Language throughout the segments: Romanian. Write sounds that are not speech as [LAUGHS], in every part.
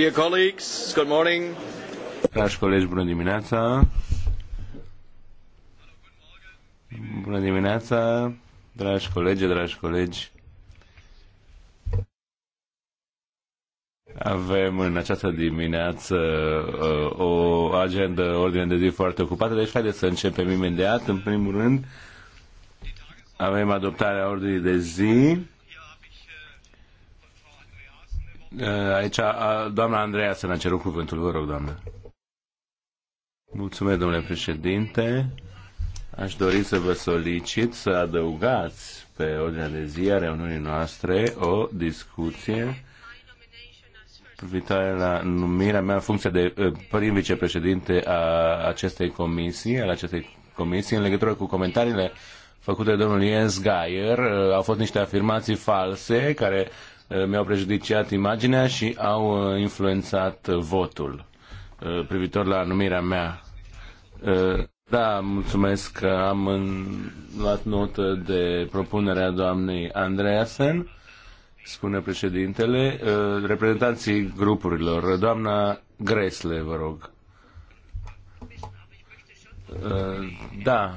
Dear colleagues, good morning. Dragi colegi, bună dimineața. Bună dimineața, dragi colegi, dragi colegi. Avem în această dimineață uh, o agendă, ordine de zi foarte ocupată, deci haideți să începem imediat. În primul rând, avem adoptarea ordinii de zi Eh, aici, doamna Andreea să ne ceru cuvântul. Vă rog, doamnă. Mulțumesc, domnule președinte. Aș dori să vă solicit să adăugați pe ordinea de zi a reuniunii noastre o discuție privitoare la numirea mea în funcție de eh, prim vicepreședinte a acestei comisii, al acestei comisii, în legătură cu comentariile făcute de domnul Jens Geier. Eh, au fost niște afirmații false care Eh, mi-au prejudiciat imaginea și au eh, influențat eh, votul privitor la numirea mea. Da, mulțumesc că am luat notă de propunerea doamnei Andreasen, spune președintele, reprezentanții grupurilor. Doamna Gresle, vă rog. Da,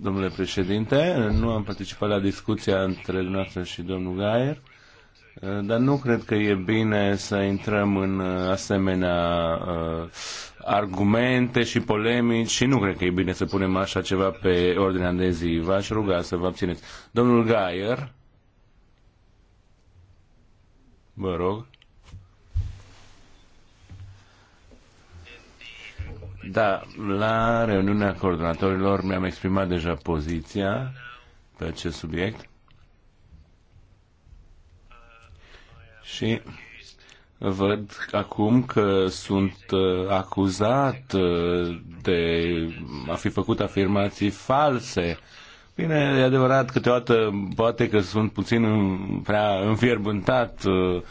domnule președinte. Nu am participat la discuția între dumneavoastră și domnul Gaier, dar nu cred că e bine să intrăm în uh, asemenea uh, argumente și polemici și nu cred că e bine să punem așa ceva pe ordinea de zi. V-aș ruga să vă abțineți. Domnul Gaier, vă rog. Da, la reuniunea coordonatorilor mi-am exprimat deja poziția pe acest subiect și văd acum că sunt uh, acuzat uh, de a fi făcut afirmații false. Bine, e adevărat, câteodată poate că sunt puțin prea înfierbântat uh,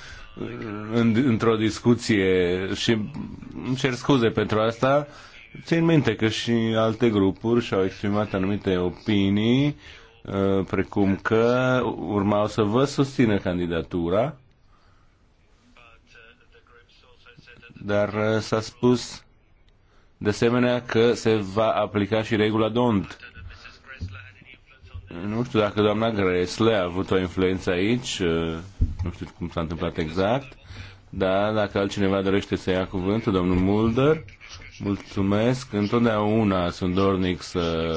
în, într-o discuție și îmi cer scuze pentru asta, țin minte că și alte grupuri și-au exprimat anumite opinii, uh, precum că urmau să vă susțină candidatura, dar uh, s-a spus de asemenea că se va aplica și regula DONT nu știu dacă doamna Gresle a avut o influență aici, uh, nu știu cum s-a întâmplat exact, dar dacă altcineva dorește să ia cuvântul, domnul Mulder, mulțumesc. Întotdeauna sunt dornic să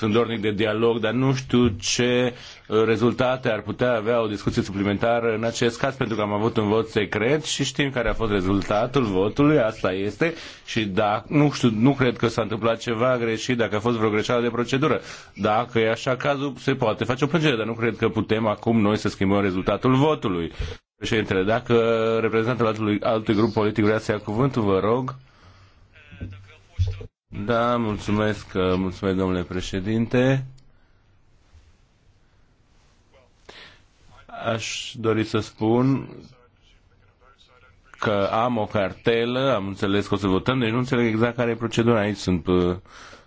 sunt dornic de dialog, dar nu știu ce uh, rezultate ar putea avea o discuție suplimentară în acest caz, pentru că am avut un vot secret și știm care a fost rezultatul votului, asta este, și dacă, nu, știu, nu cred că s-a întâmplat ceva greșit, dacă a fost vreo greșeală de procedură. Dacă e așa cazul, se poate face o plângere, dar nu cred că putem acum noi să schimbăm rezultatul votului. Președintele, dacă reprezentantul altului, altui grup politic vrea să ia cuvântul, vă rog. Da, mulțumesc, mulțumesc domnule președinte. Aș dori să spun că am o cartelă, am înțeles că o să votăm, deci nu înțeleg exact care e procedura aici, sunt, uh,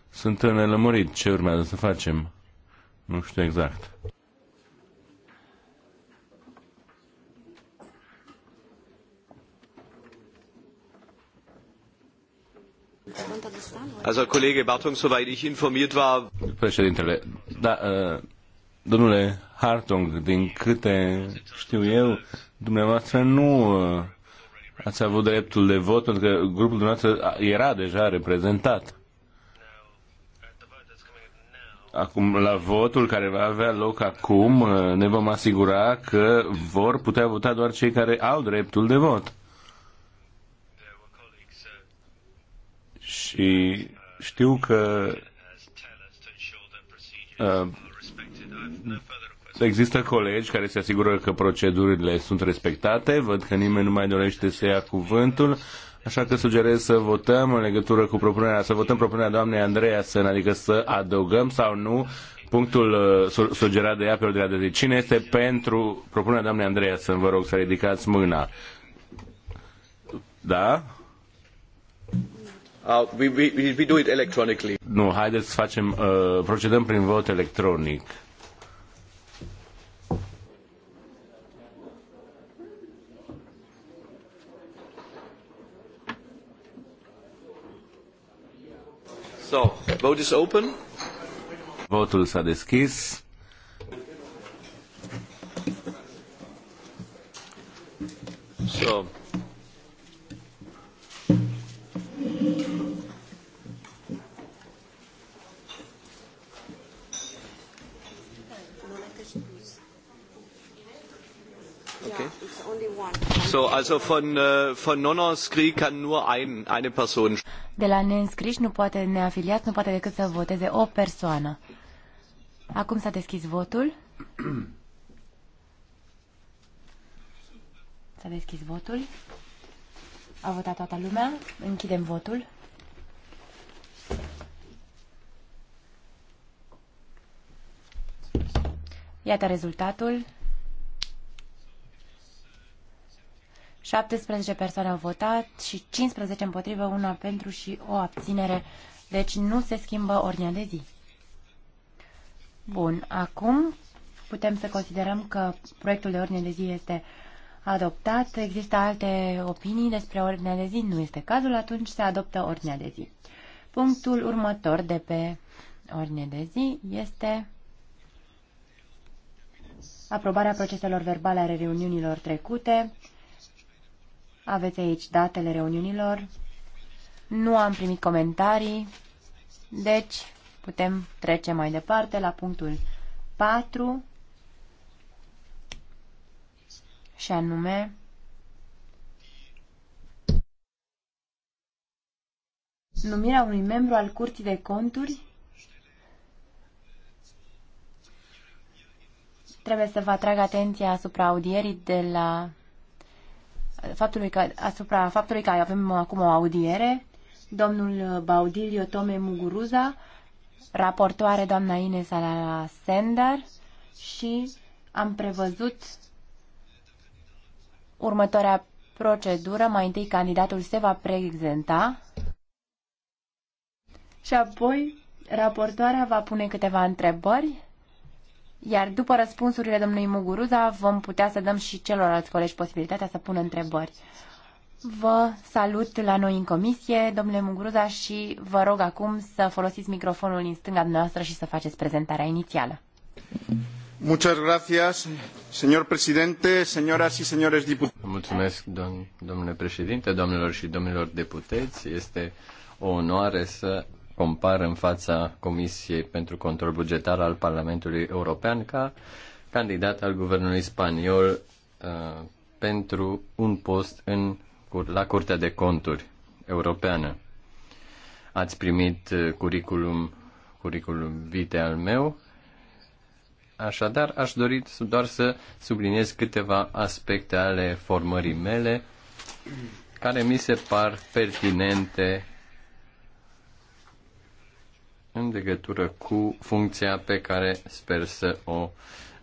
sunt nelămurit ce urmează să facem. Nu știu exact. Pregunta Also, Kollege Bartung, soweit ich informiert war... Președintele, da, ă, domnule Hartung, din câte știu eu, dumneavoastră nu ă, ați avut dreptul de vot pentru că grupul dumneavoastră era deja reprezentat. Acum, la votul care va avea loc acum, ă, ne vom asigura că vor putea vota doar cei care au dreptul de vot. Și știu că uh, există colegi care se asigură că procedurile sunt respectate. Văd că nimeni nu mai dorește să ia cuvântul. Așa că sugerez să votăm în legătură cu propunerea, să votăm propunerea doamnei Andreea Sân, adică să adăugăm sau nu punctul uh, sugerat de ea pe ordinea de zi. Cine este pentru propunerea doamnei Andreea Sân? Vă rog să ridicați mâna. Da? Uh, we, we, we do it electronically. Nu, haideți să facem, uh, procedăm prin vot electronic. So, vote is open. Votul s-a deschis. So, Also von, äh, von non nur ein, eine Person. De la neînscriși nu poate neafiliați, nu poate decât să voteze o persoană. Acum s-a deschis votul. [CLEARS THROAT] S-a deschis votul. A votat toată lumea. Închidem votul. Iată rezultatul. 17 persoane au votat și 15 împotrivă, una pentru și o abținere. Deci nu se schimbă ordinea de zi. Bun, acum putem să considerăm că proiectul de ordine de zi este adoptat. Există alte opinii despre ordinea de zi? Nu este cazul, atunci se adoptă ordinea de zi. Punctul următor de pe ordine de zi este aprobarea proceselor verbale ale reuniunilor trecute, aveți aici datele reuniunilor. Nu am primit comentarii, deci putem trece mai departe la punctul 4 și anume numirea unui membru al Curții de Conturi Trebuie să vă atrag atenția asupra audierii de la faptului că, asupra faptului că avem acum o audiere. Domnul Baudilio Tome Muguruza, raportoare doamna Ines Alara Sender și am prevăzut următoarea procedură. Mai întâi candidatul se va prezenta și apoi raportoarea va pune câteva întrebări iar după răspunsurile domnului Muguruza vom putea să dăm și celorlalți colegi posibilitatea să pună întrebări. Vă salut la noi în comisie, domnule Muguruza, și vă rog acum să folosiți microfonul din stânga dumneavoastră și să faceți prezentarea inițială. Muchas gracias, señor presidente, señoras y señores diputados. Mulțumesc, domn, domnule președinte, domnilor și domnilor deputeți. Este o onoare să compar în fața Comisiei pentru Control Bugetar al Parlamentului European ca candidat al guvernului spaniol uh, pentru un post în, la Curtea de Conturi Europeană. Ați primit uh, curriculum, curriculum vitae al meu, așadar aș dori doar să subliniez câteva aspecte ale formării mele care mi se par pertinente în legătură cu funcția pe care sper să o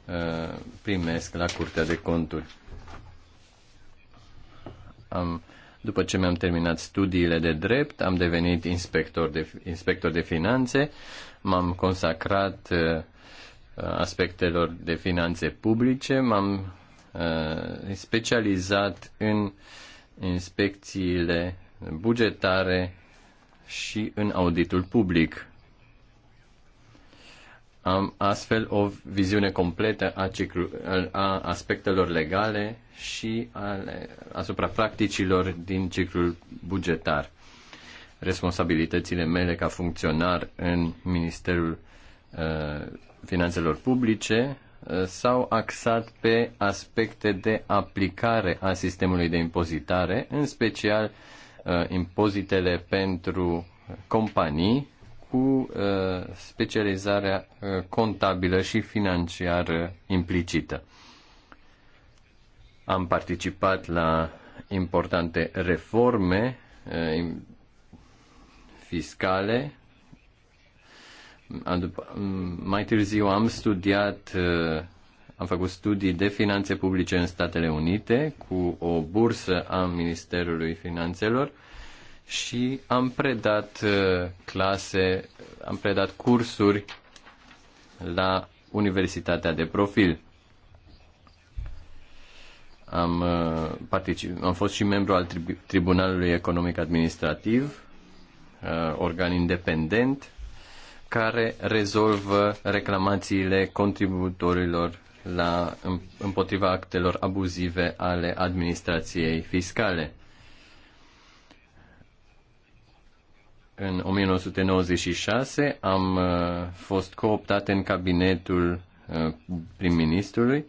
uh, primesc la Curtea de Conturi. Am, după ce mi-am terminat studiile de drept, am devenit inspector de, inspector de finanțe, m-am consacrat uh, aspectelor de finanțe publice, m-am uh, specializat în inspecțiile bugetare și în auditul public. Am astfel o viziune completă a, ciclu, a aspectelor legale și ale, asupra practicilor din ciclul bugetar. Responsabilitățile mele ca funcționar în Ministerul uh, Finanțelor Publice uh, s-au axat pe aspecte de aplicare a sistemului de impozitare, în special uh, impozitele pentru companii cu uh, specializarea uh, contabilă și financiară implicită. Am participat la importante reforme uh, fiscale. Mai târziu am studiat, am făcut studii de finanțe publice în Statele Unite cu o bursă a Ministerului Finanțelor și am predat uh, clase, am predat cursuri la Universitatea de Profil. Am, uh, particip, am fost și membru al Tribunalului Economic Administrativ, uh, organ independent, care rezolvă reclamațiile contributorilor la, împotriva actelor abuzive ale administrației fiscale. În 1996 am uh, fost cooptat în cabinetul uh, prim-ministrului.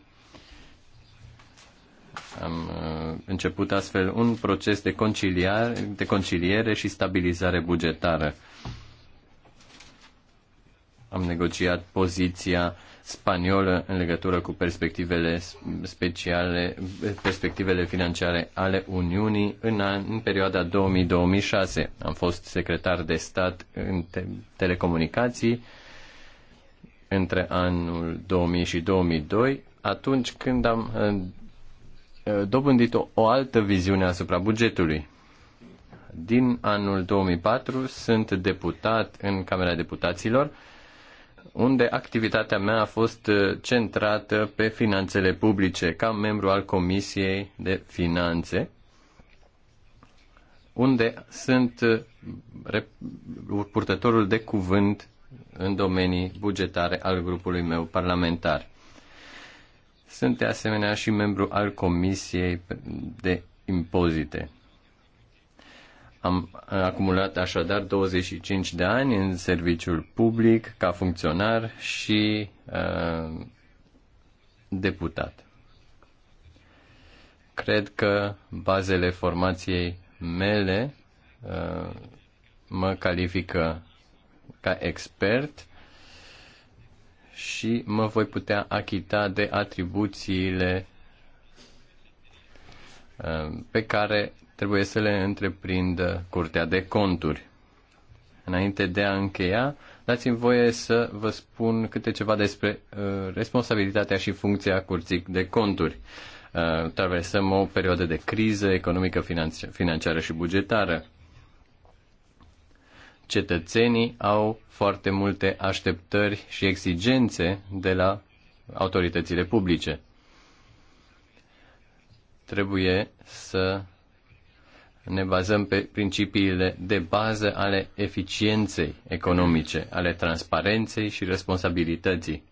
Am uh, început astfel un proces de conciliere, de conciliere și stabilizare bugetară. Am negociat poziția spaniolă în legătură cu perspectivele speciale, perspectivele financiare ale Uniunii în, an, în perioada 2000-2006. Am fost secretar de stat în te- telecomunicații între anul 2000 și 2002, atunci când am uh, uh, dobândit o, o altă viziune asupra bugetului. Din anul 2004 sunt deputat în Camera Deputaților unde activitatea mea a fost uh, centrată pe finanțele publice, ca membru al Comisiei de Finanțe, unde sunt uh, purtătorul de cuvânt în domenii bugetare al grupului meu parlamentar. Sunt de asemenea și membru al Comisiei de Impozite. Am acumulat așadar 25 de ani în serviciul public ca funcționar și uh, deputat. Cred că bazele formației mele uh, mă califică ca expert și mă voi putea achita de atribuțiile pe care trebuie să le întreprindă Curtea de Conturi. Înainte de a încheia, dați-mi voie să vă spun câte ceva despre uh, responsabilitatea și funcția Curții de Conturi. Uh, traversăm o perioadă de criză economică, financi- financiară și bugetară. Cetățenii au foarte multe așteptări și exigențe de la autoritățile publice. Trebuie să ne bazăm pe principiile de bază ale eficienței economice, ale transparenței și responsabilității.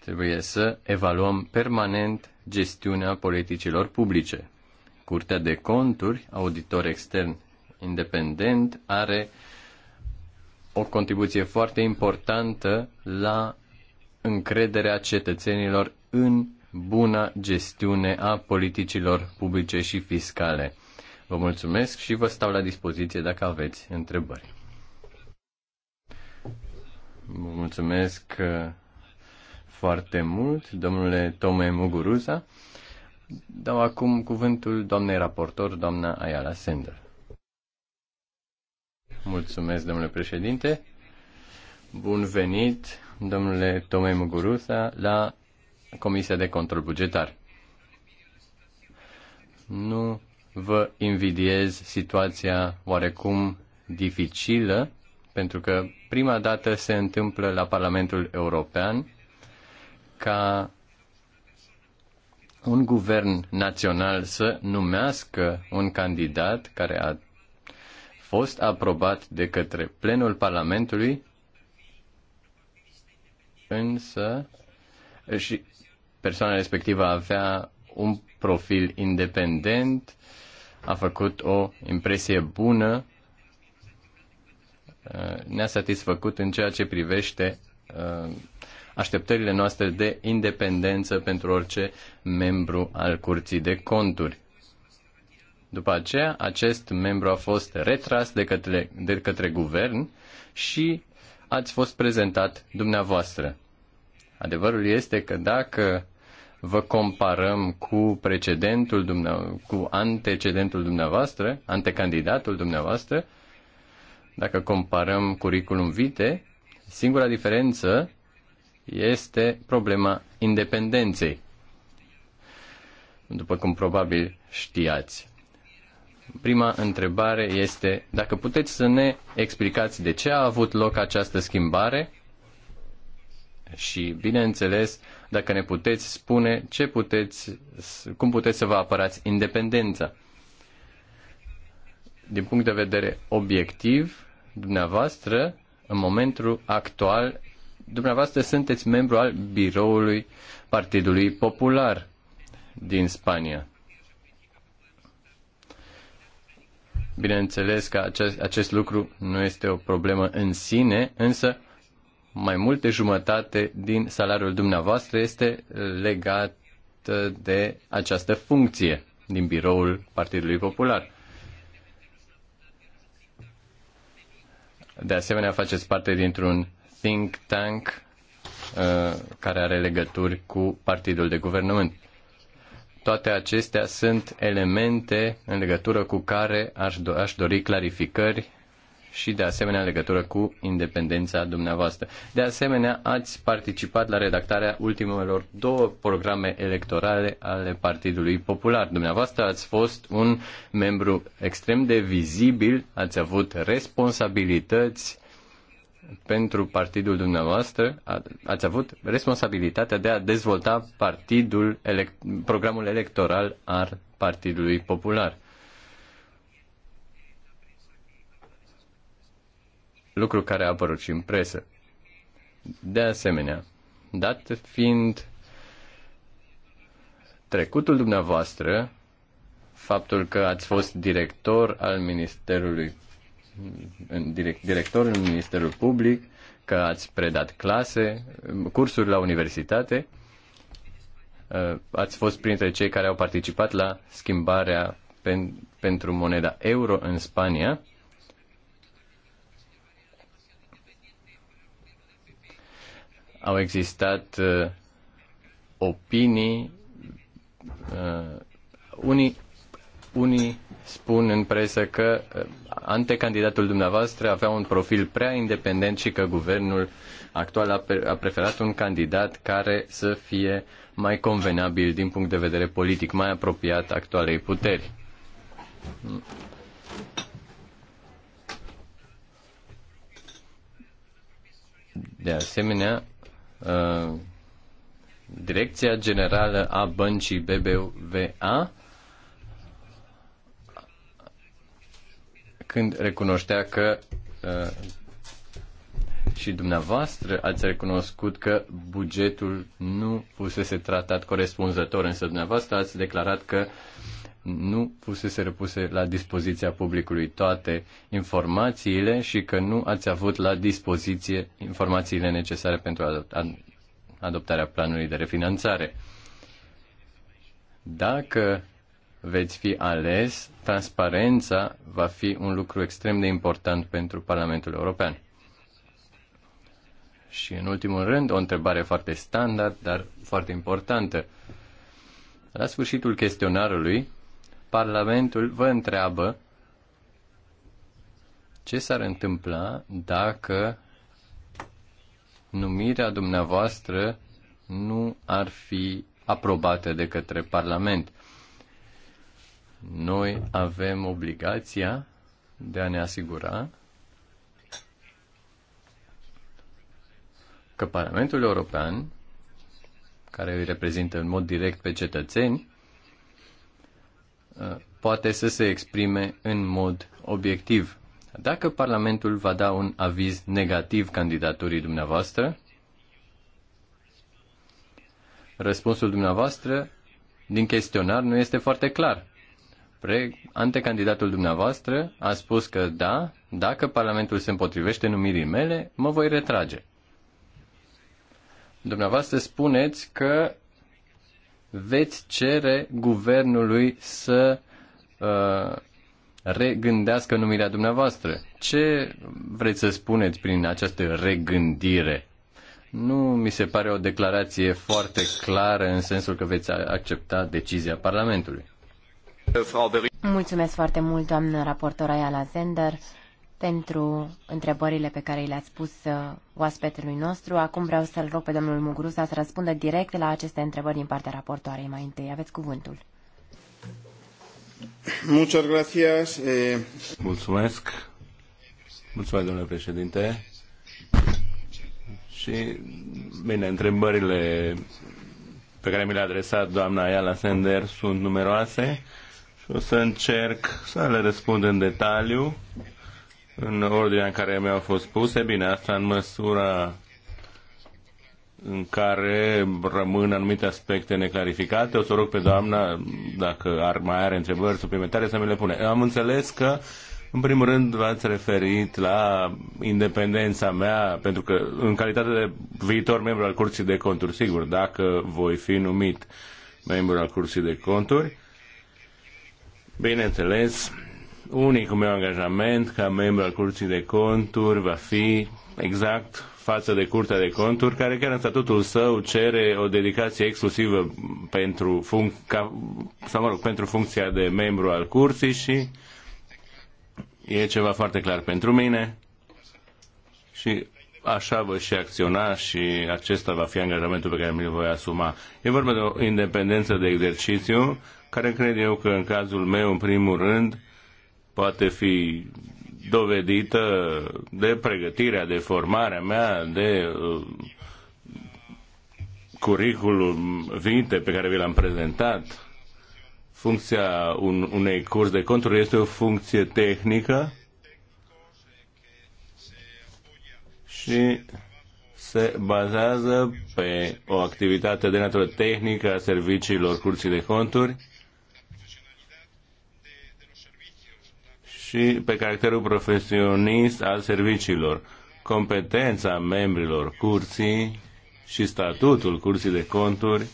Trebuie să evaluăm permanent gestiunea politicilor publice. Curtea de conturi, auditor extern independent, are o contribuție foarte importantă la încrederea cetățenilor în bună gestiune a politicilor publice și fiscale. Vă mulțumesc și vă stau la dispoziție dacă aveți întrebări. Vă mulțumesc uh, foarte mult, domnule Tome Muguruza. Dau acum cuvântul doamnei raportor, doamna Ayala Sender. Mulțumesc, domnule președinte. Bun venit, domnule Tome Muguruza, la Comisia de Control Bugetar. Nu vă invidiez situația oarecum dificilă, pentru că prima dată se întâmplă la Parlamentul European ca un guvern național să numească un candidat care a fost aprobat de către plenul Parlamentului, însă și persoana respectivă avea un profil independent, a făcut o impresie bună, uh, ne-a satisfăcut în ceea ce privește uh, așteptările noastre de independență pentru orice membru al curții de conturi. După aceea, acest membru a fost retras de către, de către guvern și ați fost prezentat dumneavoastră. Adevărul este că dacă vă comparăm cu precedentul dumneavoastră, cu antecedentul dumneavoastră, antecandidatul dumneavoastră, dacă comparăm curriculum vitae, singura diferență este problema independenței. După cum probabil știați. Prima întrebare este dacă puteți să ne explicați de ce a avut loc această schimbare și, bineînțeles, uh, dacă ne puteți spune ce puteți, cum puteți să vă apărați independența. Din punct de vedere obiectiv, dumneavoastră, în momentul actual, dumneavoastră sunteți membru al biroului Partidului Popular din Spania. Bineînțeles că acest, acest lucru nu este o problemă în sine, însă mai mult de jumătate din salariul dumneavoastră este uh, legat uh, de această funcție din biroul Partidului Popular. De asemenea, faceți parte dintr-un think tank uh, care are legături cu Partidul de Guvernământ. Toate acestea sunt elemente în legătură cu care aș, do- aș dori clarificări și de asemenea în legătură cu independența dumneavoastră. De asemenea, ați participat la redactarea ultimelor două programe electorale ale Partidului Popular. Dumneavoastră ați fost un membru extrem de vizibil, ați avut responsabilități pentru partidul dumneavoastră, ați avut responsabilitatea de a dezvolta partidul, programul electoral al Partidului Popular. lucru care a apărut și în presă. De asemenea, dat fiind trecutul dumneavoastră, faptul că ați fost director al Ministerului în direct, directorul în Ministerul Public, că ați predat clase, cursuri la universitate, ați fost printre cei care au participat la schimbarea pen, pentru moneda euro în Spania au existat uh, opinii. Uh, unii, unii spun în presă că uh, antecandidatul dumneavoastră avea un profil prea independent și că guvernul actual a preferat un candidat care să fie mai convenabil din punct de vedere politic, mai apropiat actualei puteri. De asemenea, Uh, Direcția Generală a Băncii BBVA când recunoștea că uh, și dumneavoastră ați recunoscut că bugetul nu fusese tratat corespunzător, însă dumneavoastră ați declarat că uh, nu fusese repuse la dispoziția publicului toate informațiile și că nu ați avut la dispoziție informațiile necesare pentru adoptarea planului de refinanțare. Dacă veți fi ales, transparența va fi un lucru extrem de important pentru Parlamentul European. Și în ultimul rând, o întrebare foarte standard, dar foarte importantă. La sfârșitul chestionarului Parlamentul vă întreabă ce s-ar întâmpla dacă numirea dumneavoastră nu ar fi aprobată de către Parlament. Noi avem obligația de a ne asigura că Parlamentul European, care îi reprezintă în mod direct pe cetățeni, Uh, poate să se exprime în mod obiectiv. Dacă Parlamentul va da un aviz negativ candidaturii dumneavoastră, răspunsul dumneavoastră din chestionar nu este foarte clar. Pre, antecandidatul dumneavoastră a spus că da, dacă Parlamentul se împotrivește numirii mele, mă voi retrage. Dumneavoastră spuneți că veți cere guvernului să uh, regândească numirea dumneavoastră. Ce vreți să spuneți prin această regândire? Nu mi se pare o declarație foarte clară în sensul că veți accepta decizia Parlamentului. Mulțumesc foarte mult, doamnă raportor Ayala Zender pentru întrebările pe care le-ați pus uh, oaspetului nostru. Acum vreau să-l rog pe domnul Muguru să răspundă direct la aceste întrebări din partea raportoarei. Mai întâi, aveți cuvântul. Muchas gracias. Eh. Mulțumesc. Mulțumesc, domnule președinte. Și, bine, întrebările pe care mi le-a adresat doamna Ayala Sender sunt numeroase și o să încerc să le răspund în detaliu în ordinea în care mi-au fost puse, bine, asta în măsura în care rămân anumite aspecte neclarificate. O să rog pe doamna, dacă ar mai are întrebări suplimentare, să mi le pune. Am înțeles că, în primul rând, v-ați referit la independența mea, pentru că, în calitate de viitor membru al Curții de Conturi, sigur, dacă voi fi numit membru al Curții de Conturi, bineînțeles, unicul meu angajament ca membru al Curții de Conturi va fi exact față de Curtea de Conturi, care chiar în statutul său cere o dedicație exclusivă pentru, func- ca, sau, mă rog, pentru funcția de membru al Curții și e ceva foarte clar pentru mine și așa vă și acționa și acesta va fi angajamentul pe care mi-l voi asuma. E vorba de o independență de exercițiu care cred eu că în cazul meu, în primul rând, poate fi dovedită de pregătirea, de formarea mea, de uh, curriculum vinte pe care vi l-am prezentat. Funcția un, unei curs de control este o funcție tehnică și se bazează pe o activitate de natură tehnică a serviciilor curții de conturi și pe caracterul profesionist al serviciilor, competența membrilor curții și statutul curții de conturi.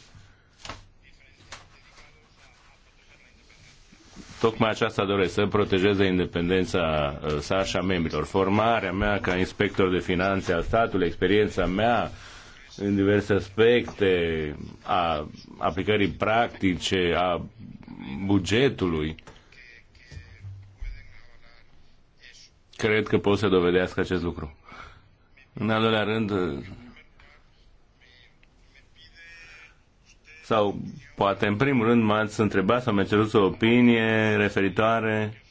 Tocmai aceasta doresc, să protejeze independența uh, sa și a membrilor. Formarea mea ca inspector de finanțe al statului, experiența mea în diverse aspecte a aplicării practice, a bugetului, cred că pot să dovedească acest lucru. În al doilea rând, sau poate în primul rând m-ați întrebat sau mi-ați cerut o opinie referitoare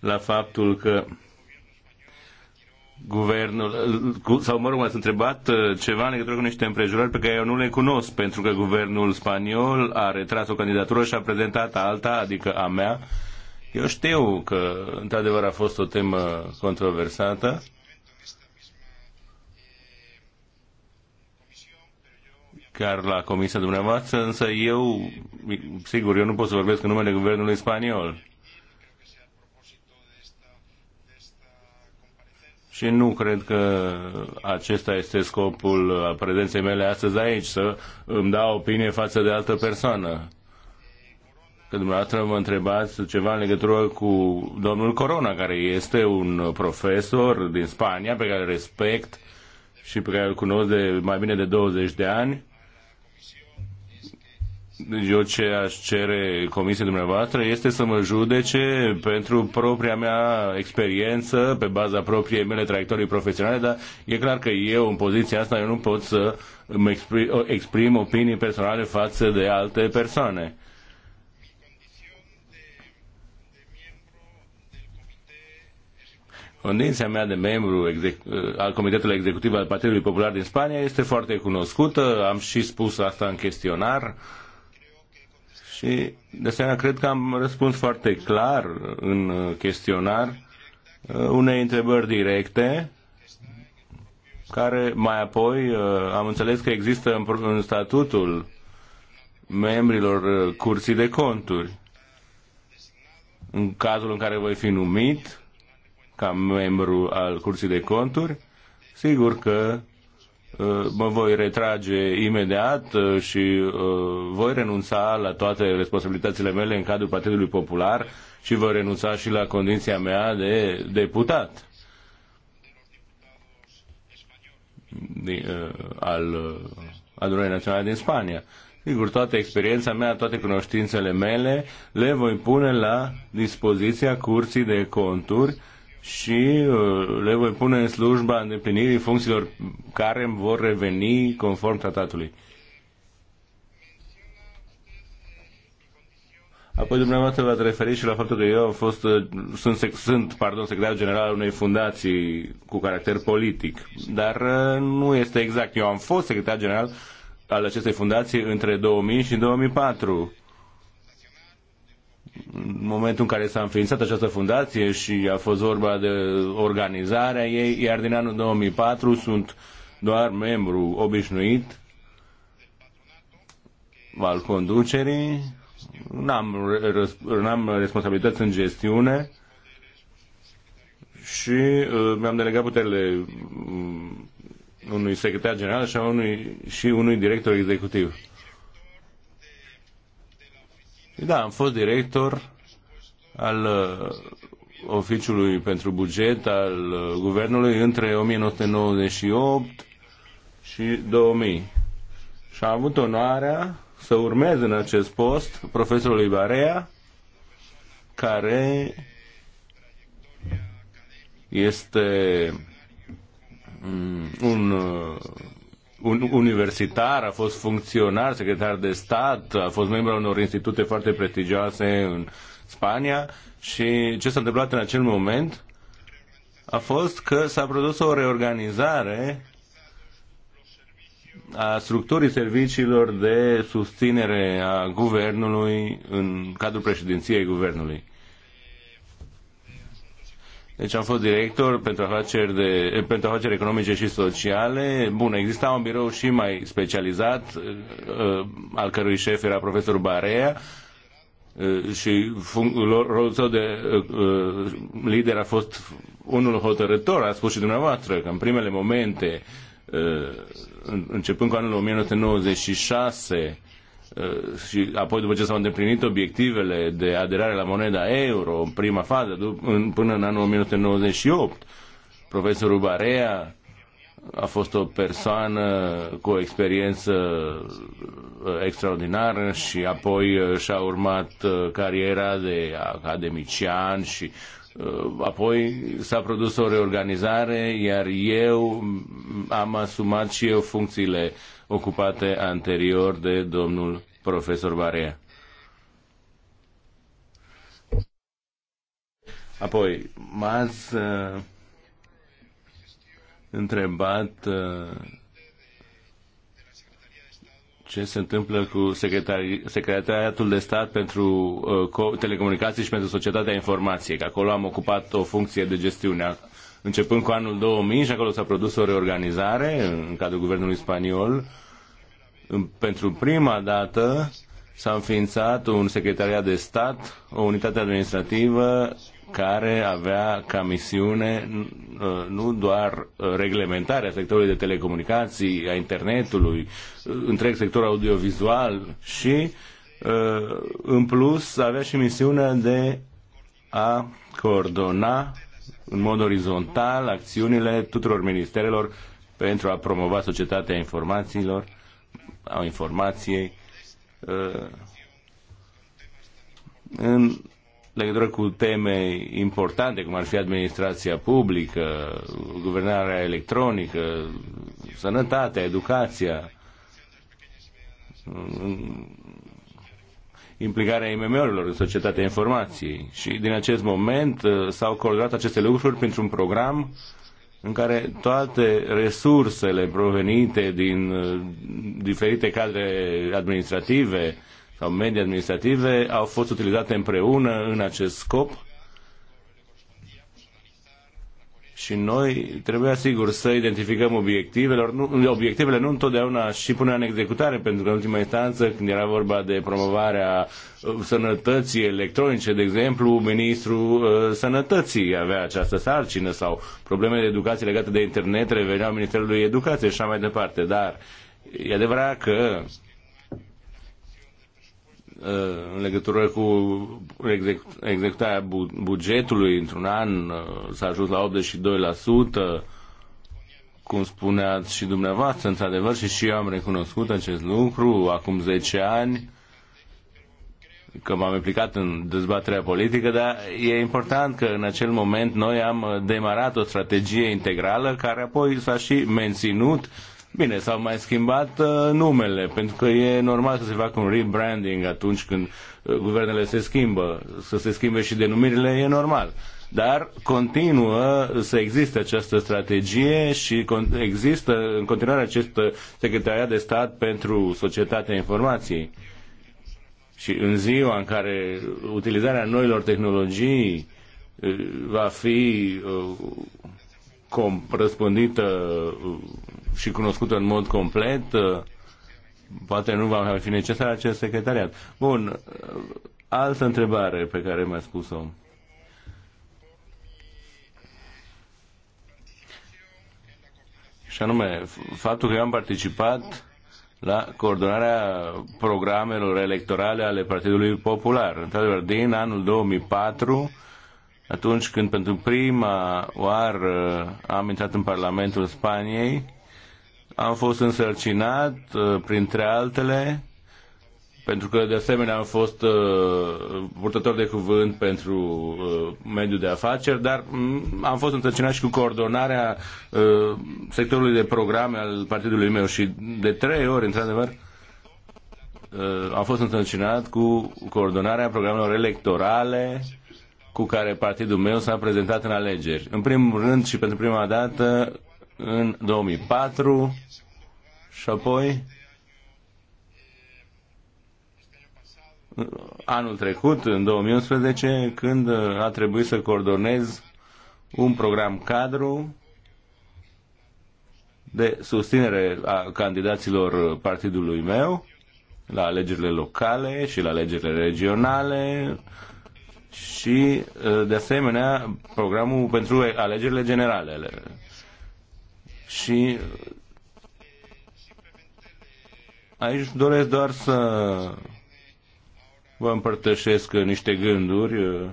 la faptul că guvernul, sau mă rog, m-ați întrebat uh, ceva în legătură cu niște împrejurări pe care eu nu le cunosc, pentru că guvernul spaniol a retras o candidatură și a prezentat alta, adică a mea, eu știu că, într-adevăr, a fost o temă controversată. chiar la comisia dumneavoastră, însă eu, sigur, eu nu pot să vorbesc în numele guvernului spaniol. Și nu cred că acesta este scopul prezenței mele astăzi aici, să îmi dau opinie față de altă persoană că dumneavoastră vă întrebați ceva în legătură cu domnul Corona, care este un profesor din Spania pe care respect și pe care îl cunosc de mai bine de 20 de ani. Deci eu ce aș cere comisiei dumneavoastră este să mă judece pentru propria mea experiență, pe baza propriei mele traiectorii profesionale, dar e clar că eu, în poziția asta, eu nu pot să îmi exprim, exprim opinii personale față de alte persoane. Condiția mea de membru al Comitetului Executiv al Partidului Popular din Spania este foarte cunoscută, am și spus asta în chestionar și de asemenea cred că am răspuns foarte clar în chestionar uh, unei întrebări directe care mai apoi uh, am înțeles că există în statutul membrilor uh, curții de conturi. În cazul în care voi fi numit, ca membru al Curții de Conturi. Sigur că uh, mă voi retrage imediat uh, și uh, voi renunța la toate responsabilitățile mele în cadrul Partidului Popular și voi renunța și la condiția mea de deputat al Adunării Naționale din Spania. Sigur, toată experiența mea, toate cunoștințele mele le voi pune la dispoziția curții de conturi și uh, le voi pune în slujba îndeplinirii funcțiilor care îmi vor reveni conform tratatului. Apoi dumneavoastră v-ați referit și la faptul că eu am fost, uh, sunt, sunt pardon, secretar general al unei fundații cu caracter politic. Dar uh, nu este exact. Eu am fost secretar general al acestei fundații între 2000 și 2004 în momentul în care s-a înființat această fundație și a fost vorba de organizarea ei, iar din anul 2004 sunt doar membru obișnuit al conducerii, n-am, n-am responsabilități în gestiune și uh, mi-am delegat puterile mm, unui secretar general și, a unui, și unui director executiv. Da, am fost director al uh, Oficiului pentru Buget al uh, Guvernului între 1998 și 2000. Și am avut onoarea să urmez în acest post profesorului Barea, care este mm, un uh, un universitar, a fost funcționar, secretar de stat, a fost membru al unor institute foarte prestigioase în Spania și ce s-a întâmplat în acel moment a fost că s-a produs o reorganizare a structurii serviciilor de susținere a guvernului în cadrul președinției guvernului. Deci am fost director pentru afaceri, de, pentru afaceri economice și sociale. Bun, exista un birou și mai specializat, uh, al cărui șef era profesor Barea, uh, și rolul său de uh, lider a fost unul hotărător, a spus și dumneavoastră, că în primele momente, începând cu anul 1996, Uh, și apoi după ce s-au îndeplinit obiectivele de aderare la moneda euro în prima fază, până în anul 1998, profesorul Barea a fost o persoană cu o experiență uh, extraordinară și apoi uh, și-a urmat cariera de academician și Uh, apoi s-a produs o reorganizare, iar eu am asumat și eu funcțiile ocupate anterior de domnul profesor Barea. Apoi, m-ați uh, întrebat uh, ce se întâmplă cu secretari, Secretariatul de Stat pentru uh, Telecomunicații și pentru Societatea Informației, că acolo am ocupat o funcție de gestiune. Începând cu anul 2000 și acolo s-a produs o reorganizare în cadrul guvernului spaniol. Pentru prima dată S-a înființat un secretariat de stat, o unitate administrativă care avea ca misiune uh, nu doar uh, reglementarea sectorului de telecomunicații, a internetului, uh, întreg sector audiovizual și în plus avea și misiunea de a coordona în mod orizontal acțiunile tuturor ministerelor pentru a promova societatea informațiilor, a informației Uh, în legătură cu teme importante, cum ar fi administrația publică, guvernarea electronică, sănătatea, educația, implicarea IMM-urilor în societatea informației. Și din acest moment uh, s-au coordonat aceste lucruri printr-un program uh, în care toate resursele provenite din uh, diferite cadre administrative sau medii administrative au fost utilizate împreună în acest scop și noi trebuia sigur să identificăm obiectivele, nu, obiectivele nu întotdeauna și punea în executare, pentru că în ultima instanță, când era vorba de promovarea uh, sănătății electronice, de exemplu, ministrul uh, sănătății avea această sarcină sau probleme de educație legate de internet reveneau Ministerului Educației și așa mai departe. Dar e adevărat că Uh, în legătură cu executarea bugetului într-un an uh, s-a ajuns la 82%, cum spuneați și dumneavoastră, într-adevăr, și și eu am recunoscut acest lucru acum 10 ani, că m-am implicat în dezbaterea politică, dar e important că în acel moment noi am demarat o strategie integrală care apoi s-a și menținut Bine, s-au mai schimbat uh, numele, pentru că e normal să se facă un rebranding atunci când uh, guvernele se schimbă, să se schimbe și denumirile, e normal. Dar continuă să existe această strategie și există în continuare acest uh, secretariat de stat pentru societatea informației. Și în ziua în care utilizarea noilor tehnologii uh, va fi uh, răspândită uh, și cunoscută în mod complet, uh, poate nu va mai fi necesar acest secretariat. Bun, uh, altă întrebare pe care mi-a spus-o. Și anume, faptul că eu am participat la coordonarea programelor electorale ale Partidului Popular. Într-adevăr, din anul 2004 atunci când pentru prima oară am intrat în Parlamentul Spaniei, am fost însărcinat, uh, printre altele, pentru că de asemenea am fost uh, purtător de cuvânt pentru uh, mediul de afaceri, dar mm, am fost însărcinat și cu coordonarea sectorului de programe al partidului meu și de trei ori, într-adevăr, am fost însărcinat cu coordonarea programelor electorale cu care partidul meu s-a prezentat în alegeri. În primul rând și pentru prima dată în 2004 și apoi anul trecut, în 2011, când a trebuit să coordonez un program cadru de susținere a candidaților partidului meu la alegerile locale și la alegerile regionale, și, de asemenea, programul pentru alegerile generale. Și aici doresc doar să vă împărtășesc niște gânduri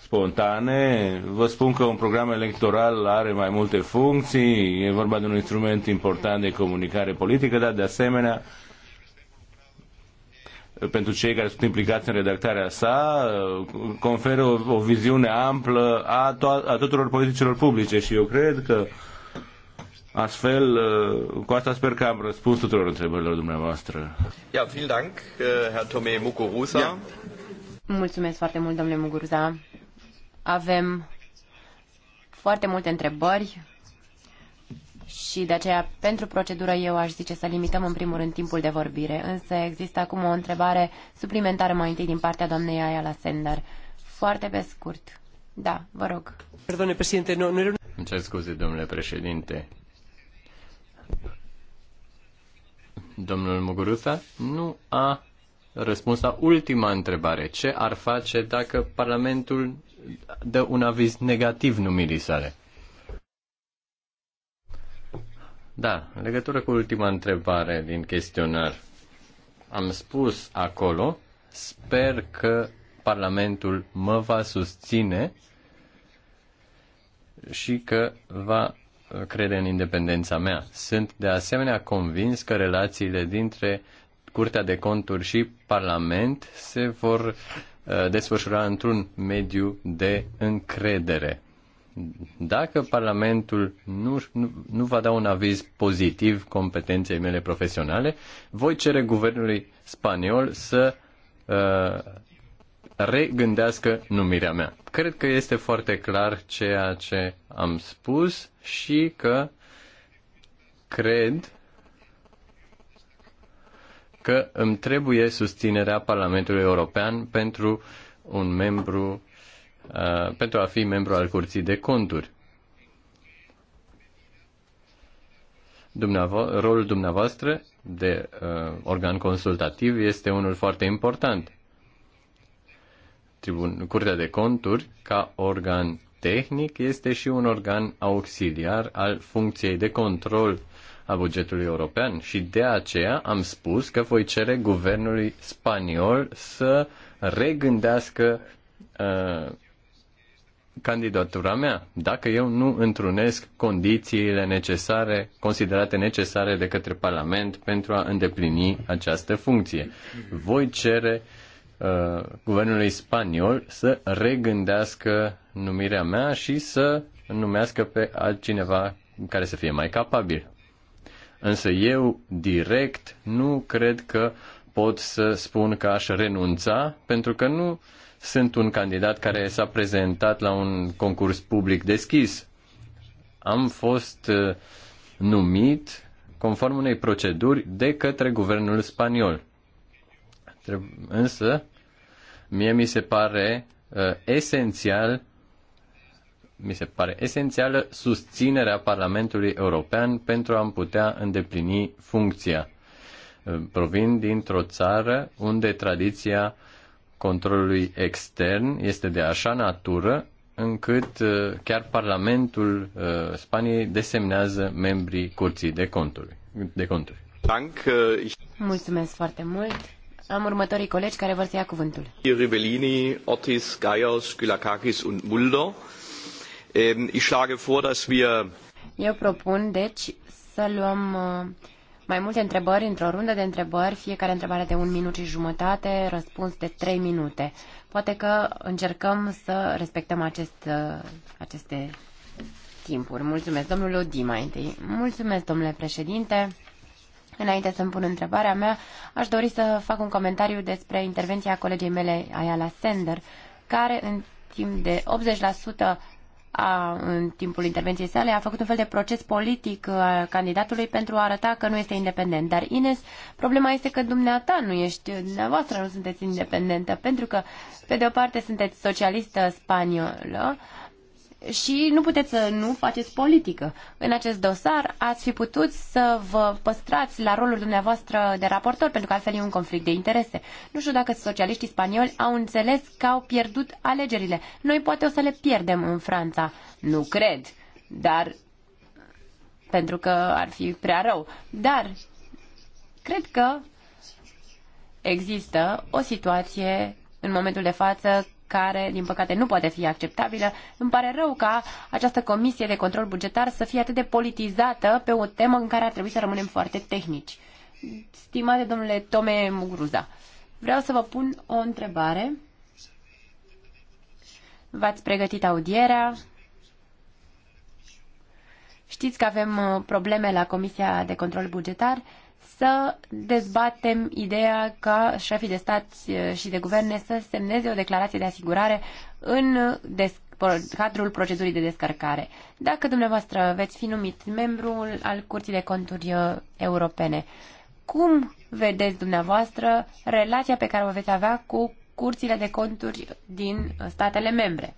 spontane. Vă spun că un program electoral are mai multe funcții, e vorba de un instrument important de comunicare politică, dar de asemenea pentru cei care sunt implicați în redactarea sa, conferă o, o viziune amplă a, to- a tuturor politicilor publice și eu cred că astfel, cu asta sper că am răspuns tuturor întrebărilor dumneavoastră. Ja, vielen Dank, äh, Herr Tomei Mucuruza. Ja. Mulțumesc foarte mult, domnule Muguruza. Avem foarte multe întrebări și de aceea pentru procedură eu aș zice să limităm în primul rând timpul de vorbire, însă există acum o întrebare suplimentară mai întâi din partea doamnei Aia la Sender. Foarte pe scurt. Da, vă rog. Perdone, președinte, nu, nu... Îmi cer scuze, domnule președinte. Domnul Muguruța nu a răspuns la ultima întrebare. Ce ar face dacă Parlamentul dă un aviz negativ numirii sale? Da, în legătură cu ultima întrebare din chestionar, am spus acolo, sper că Parlamentul mă va susține și că va crede în independența mea. Sunt de asemenea convins că relațiile dintre Curtea de Conturi și Parlament se vor uh, desfășura într-un mediu de încredere dacă Parlamentul nu, nu, nu va da un aviz pozitiv competenței mele profesionale, voi cere guvernului spaniol să uh, regândească numirea mea. Cred că este foarte clar ceea ce am spus și că cred că îmi trebuie susținerea Parlamentului European pentru un membru Uh, pentru a fi membru al Curții de Conturi. Dumneavo- rolul dumneavoastră de uh, organ consultativ este unul foarte important. Tribun- Curtea de Conturi, ca organ tehnic, este și un organ auxiliar al funcției de control a bugetului european și de aceea am spus că voi cere guvernului spaniol să regândească uh, candidatura mea, dacă eu nu întrunesc condițiile necesare, considerate necesare de către Parlament pentru a îndeplini această funcție. Voi cere uh, guvernului spaniol să regândească numirea mea și să numească pe altcineva care să fie mai capabil. Însă eu, direct, nu cred că pot să spun că aș renunța, pentru că nu uh, sunt un candidat care s-a prezentat la un concurs public deschis. Am fost uh, numit conform unei proceduri de către guvernul spaniol. Însă, mie mi se pare uh, esențial mi se pare esențială susținerea Parlamentului European pentru a-mi putea îndeplini funcția. Uh, provin dintr-o țară unde tradiția controlului extern este de așa natură încât uh, chiar Parlamentul uh, Spaniei desemnează membrii Curții de Conturi. De conturi. Uh, Mulțumesc foarte mult. Am următorii colegi care vor să ia cuvântul. Rivellini, Otis, Gaios, Kylakakis und Muldo. Ich schlage vor, dass wir... Eu propun, deci, să luăm uh, mai multe întrebări într-o rundă de întrebări, fiecare întrebare de un minut și jumătate, răspuns de trei minute. Poate că încercăm să respectăm acest, uh, aceste timpuri. Mulțumesc, domnul Odi, mai întâi. Mulțumesc, domnule președinte. Înainte să-mi pun întrebarea mea, aș dori să fac un comentariu despre intervenția colegii mele, Ayala Sender, care în timp de 80% a, în timpul intervenției sale, a făcut un fel de proces politic a candidatului pentru a arăta că nu este independent. Dar, Ines, problema este că dumneata nu ești, dumneavoastră nu sunteți independentă, pentru că, pe de o parte, sunteți socialistă spaniolă, și nu puteți să nu faceți politică. În acest dosar ați fi putut să vă păstrați la rolul dumneavoastră de raportor, pentru că altfel e un conflict de interese. Nu știu dacă socialiștii spanioli au înțeles că au pierdut alegerile. Noi poate o să le pierdem în Franța. Nu cred, dar pentru că ar fi prea rău. Dar cred că există o situație în momentul de față care, din păcate, nu poate fi acceptabilă. Îmi pare rău ca această comisie de control bugetar să fie atât de politizată pe o temă în care ar trebui să rămânem foarte tehnici. Stimate domnule Tome Mugruza, vreau să vă pun o întrebare. V-ați pregătit audierea? Știți că avem uh, probleme la Comisia de Control Bugetar? să dezbatem ideea ca șefii de stat eh, și de guverne să semneze o declarație de asigurare în cadrul procedurii de descărcare. Dacă dumneavoastră veți fi numit membru al Curții de Conturi eh, Europene, cum vedeți dumneavoastră relația pe care o veți avea cu curțile de conturi din statele membre?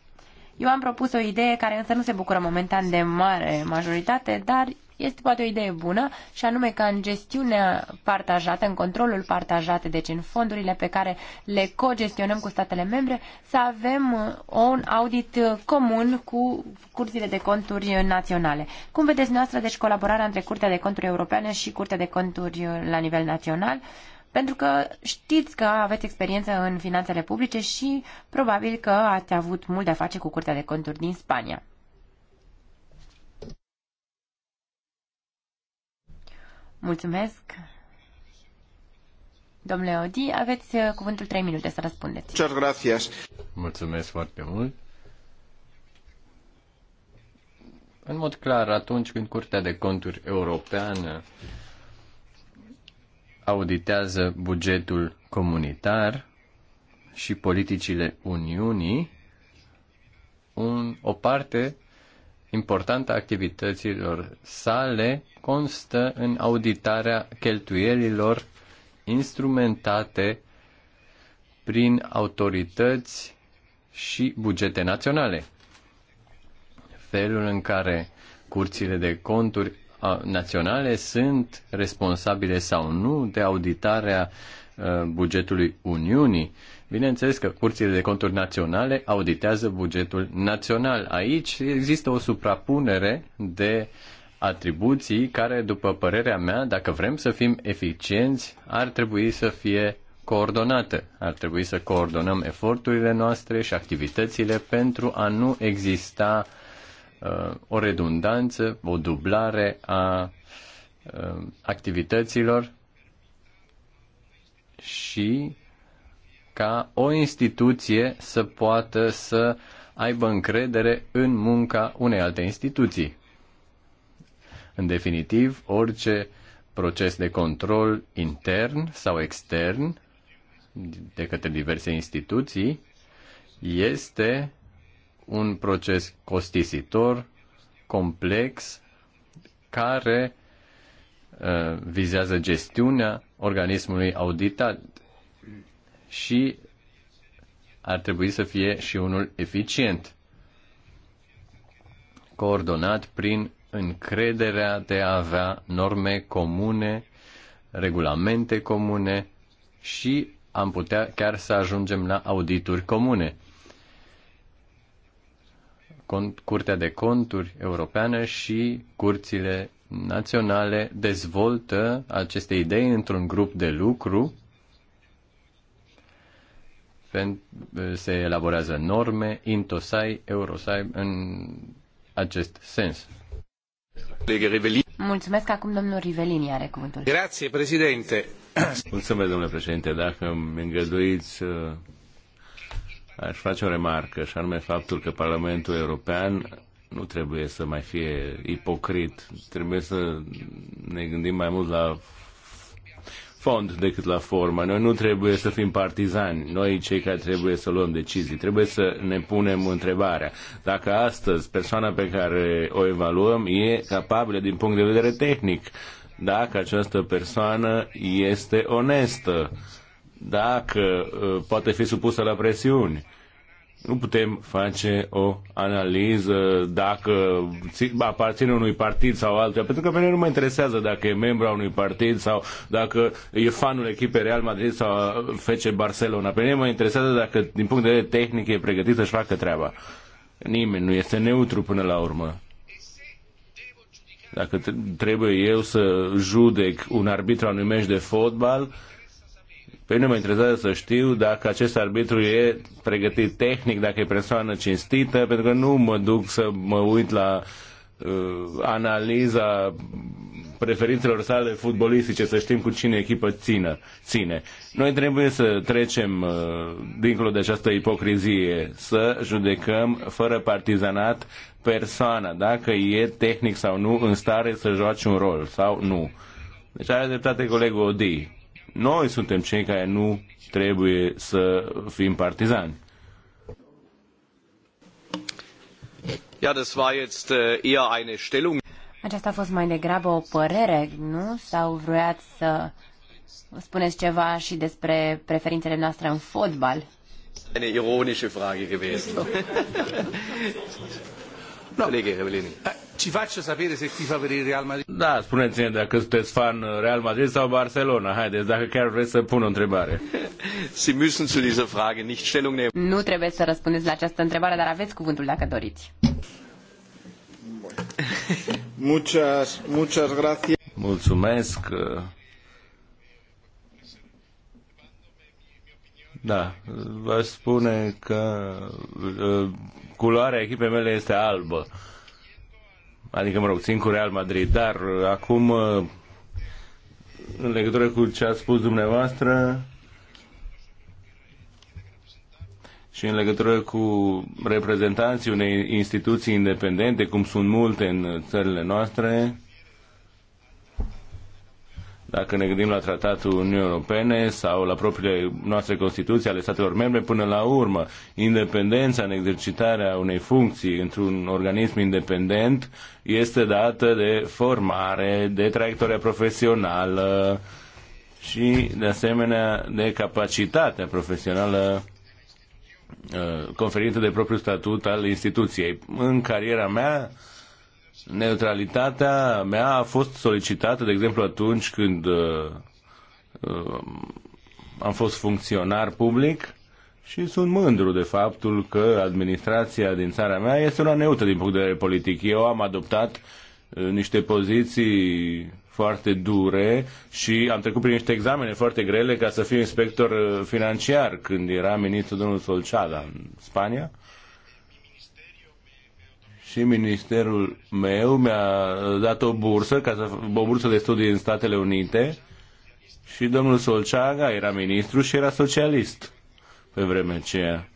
Eu am propus o idee care însă nu se bucură momentan de mare majoritate, dar este poate o idee bună și anume ca în gestiunea partajată, în controlul partajat, deci în fondurile pe care le cogestionăm cu statele membre, să avem uh, un audit uh, comun cu curțile de conturi naționale. Cum vedeți noastră, deci colaborarea între Curtea de Conturi Europeană și Curtea de Conturi uh, la nivel național? pentru că știți că aveți experiență în finanțele publice și probabil că ați avut mult de a face cu Curtea de Conturi din Spania. Mulțumesc. Domnule Odi, aveți uh, cuvântul 3 minute să răspundeți. Mulțumesc foarte mult. În mod clar, atunci când Curtea de Conturi Europeană auditează bugetul comunitar și politicile Uniunii, un, o parte importantă a activităților sale constă în auditarea cheltuielilor instrumentate prin autorități și bugete naționale. Felul în care curțile de conturi naționale sunt responsabile sau nu de auditarea uh, bugetului Uniunii Bineînțeles că curțile de conturi naționale auditează bugetul național. Aici există o suprapunere de atribuții care, după părerea mea, dacă vrem să fim eficienți, ar trebui să fie coordonate Ar trebui să coordonăm eforturile noastre și activitățile pentru a nu exista uh, o redundanță, o dublare a uh, activităților și ca o instituție să poată să aibă încredere în munca unei alte instituții. În definitiv, orice proces de control intern sau extern de către diverse instituții este un proces costisitor, complex, care uh, vizează gestiunea organismului auditat și ar trebui să fie și unul eficient, coordonat prin încrederea de a avea norme comune, regulamente comune și am putea chiar să ajungem la audituri comune. Curtea de Conturi Europeană și curțile naționale dezvoltă aceste idei într-un grup de lucru se elaborează norme, Intosai, Eurosai, în acest sens. Mulțumesc. Acum domnul Rivelini are cuvântul. Grazie, președinte. Mulțumesc, domnule președinte. Dacă îmi îngăduiți, uh, aș face o remarcă, și anume faptul că Parlamentul European nu trebuie să mai fie ipocrit. Trebuie să ne gândim mai mult la fond decât la formă. Noi nu trebuie să fim partizani, noi cei care trebuie să luăm decizii. Trebuie să ne punem întrebarea dacă astăzi persoana pe care o evaluăm e capabilă din punct de vedere tehnic, dacă această persoană este onestă, dacă uh, poate fi supusă la presiuni nu putem face o analiză dacă aparține unui partid sau altuia, pentru că pe noi nu mă interesează dacă e membru a unui partid sau dacă e fanul echipei Real Madrid sau fece Barcelona. Pe noi mă interesează dacă, din punct de vedere tehnic, e pregătit să-și facă treaba. Nimeni nu este neutru până la urmă. Dacă trebuie eu să judec un arbitru a meci de fotbal, uh, pe păi mine mă interesează să știu dacă acest arbitru e pregătit tehnic, dacă e persoană cinstită, pentru că nu mă duc să mă uit la uh, analiza preferințelor sale futbolistice, să știm cu cine echipă țină, ține. Noi trebuie să trecem uh, dincolo de această ipocrizie, să judecăm fără partizanat persoana, dacă e tehnic sau nu în stare să joace un rol sau nu. Deci are dreptate colegul Odi noi suntem cei care nu trebuie să fim partizani. Ja, das war jetzt äh, eher eine Stellung. Aceasta a fost mai degrabă o părere, nu? Sau vroiați să spuneți ceva și despre preferințele noastre în fotbal? Eine ironische Frage gewesen. no. [LAUGHS] Kollege Revellini. Äh, ci faccia să se tifa per Real Madrid. Da, spuneți-ne dacă sunteți fan Real Madrid sau Barcelona. Haideți, dacă chiar vreți să pun o întrebare. [LAUGHS] Sie müssen zu dieser Frage nicht Stellung nehmen. Nu trebuie să răspundeți la această întrebare, dar aveți cuvântul dacă doriți. [LAUGHS] Muchas, muchas gracias. Mulțumesc. Da, vă spune că uh, culoarea echipei mele este albă. Adică, mă rog, țin cu Real Madrid, dar uh, acum, uh, în legătură cu ce a spus dumneavoastră, și în legătură cu reprezentanții unei instituții independente, cum sunt multe în uh, țările noastre, dacă ne gândim la tratatul Uniunii Europene sau la propriile noastre Constituții ale statelor membre, până la urmă, independența în exercitarea unei funcții într-un organism independent este dată de formare, de traiectoria profesională și, de asemenea, de capacitatea profesională uh, conferită de propriul statut al instituției. În cariera mea, Neutralitatea mea a fost solicitată, de exemplu, atunci când uh, uh, am fost funcționar public și sunt mândru de faptul că administrația din țara mea este una neutră din punct de vedere politic. Eu am adoptat uh, niște poziții foarte dure și am trecut prin niște examene foarte grele ca să fiu inspector uh, financiar când era ministru domnul Solceada în Spania și ministerul meu mi-a dat o bursă, ca să, o bursă de studii în Statele Unite și domnul Solceaga era ministru și era socialist pe vremea aceea.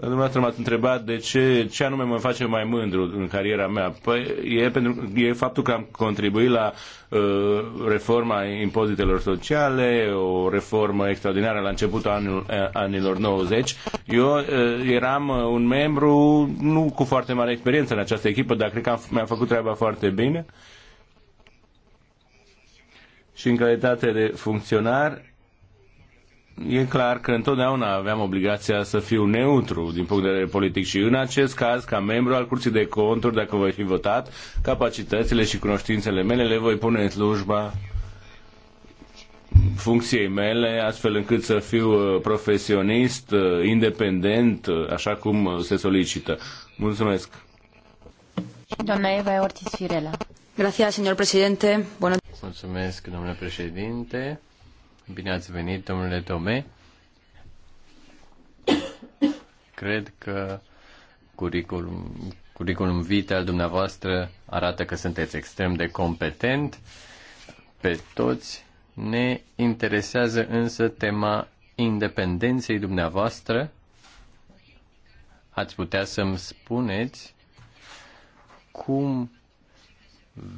Dumneavoastră m-ați întrebat de ce, ce anume mă face mai mândru în cariera mea. Păi e, pentru, e faptul că am contribuit la uh, reforma impozitelor sociale, o reformă extraordinară la începutul anul, eh, anilor 90. Eu eh, uh, eram un membru nu cu foarte mare experiență în această echipă, dar cred că am, mi-am făcut treaba foarte bine. Și în calitate de funcționar e clar că întotdeauna aveam obligația să fiu neutru din punct de vedere politic și în acest caz, ca membru al Curții de Conturi, dacă voi fi votat, capacitățile și cunoștințele mele le voi pune în slujba funcției mele, astfel încât să fiu uh, profesionist, uh, independent, uh, așa cum se solicită. Mulțumesc. Doamna Eva Ortiz Firela. Grazie, señor presidente. Bueno... Mulțumesc, domnule președinte. Bine ați venit, domnule Tome. Cred că curiculum, curiculum vitae al dumneavoastră arată că sunteți extrem de competent. Pe toți ne interesează însă tema independenței dumneavoastră. Ați putea să-mi spuneți cum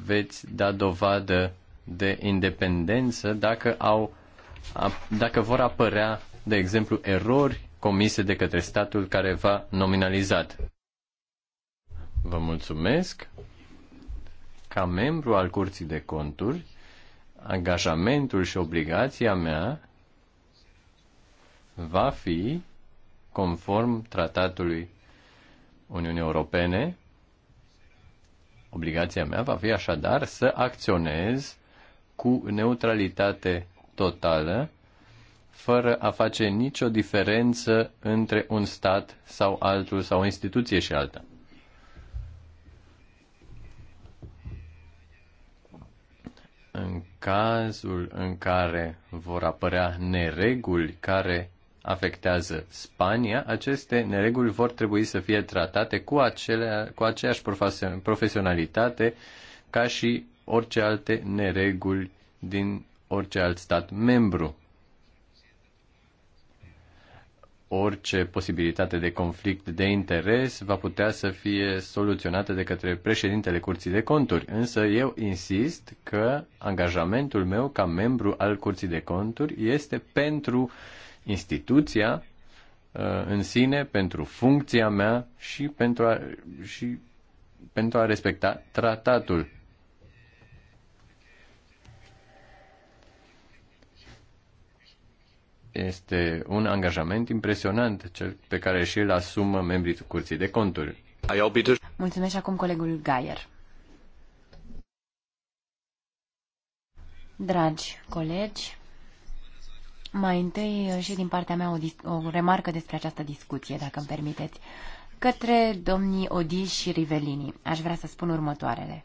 veți da dovadă de independență dacă au dacă vor apărea, de exemplu, erori comise de către statul care va nominalizat. Vă mulțumesc. Ca membru al Curții de Conturi, angajamentul și obligația mea va fi, conform tratatului Uniunii Europene, obligația mea va fi așadar să acționez cu neutralitate totală, fără a face nicio diferență între un stat sau altul sau o instituție și alta. În cazul în care vor apărea nereguli care afectează Spania, aceste nereguli vor trebui să fie tratate cu, acelea, cu aceeași profesionalitate ca și orice alte nereguli din orice alt stat membru. Orice posibilitate de conflict de interes va putea să fie soluționată de către președintele Curții de Conturi, însă eu insist că angajamentul meu ca membru al Curții de Conturi este pentru instituția uh, în sine, pentru funcția mea și pentru a, și pentru a respecta tratatul Este un angajament impresionant cel pe care și îl asumă membrii Curții de Conturi. Mulțumesc acum colegul Gaier. Dragi colegi, mai întâi și din partea mea o, o remarcă despre această discuție, dacă îmi permiteți. Către domnii Odi și Rivelini, aș vrea să spun următoarele.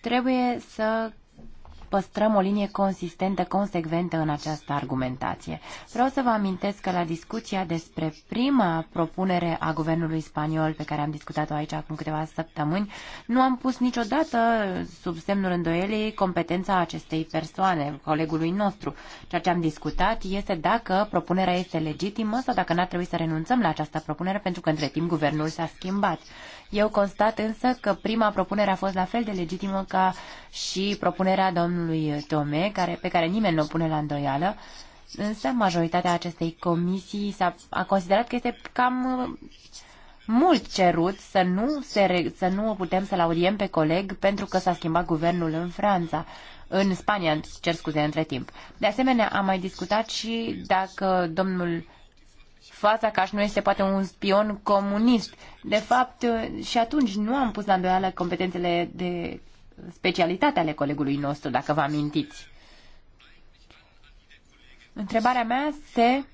Trebuie să păstrăm o linie consistentă, consecventă în această argumentație. Vreau să vă amintesc că la discuția despre prima propunere a guvernului spaniol pe care am discutat-o aici acum câteva săptămâni, nu am pus niciodată sub semnul îndoielii competența acestei persoane, colegului nostru. Ceea ce am discutat este dacă propunerea este legitimă sau dacă n-ar trebui să renunțăm la această propunere pentru că între timp guvernul s-a schimbat. Eu constat însă că prima propunere a fost la fel de legitimă ca și propunerea domnului Tome, care, pe care nimeni nu o pune la îndoială, însă majoritatea acestei comisii s-a, a considerat că este cam uh, mult cerut să nu, se, să nu putem să-l audiem pe coleg pentru că s-a schimbat guvernul în Franța în Spania, cer scuze, între timp. De asemenea, am mai discutat și dacă domnul fața ca și nu este poate un spion comunist. De fapt, și atunci nu am pus la îndoială competențele de specialitate ale colegului nostru, dacă vă amintiți. Întrebarea mea se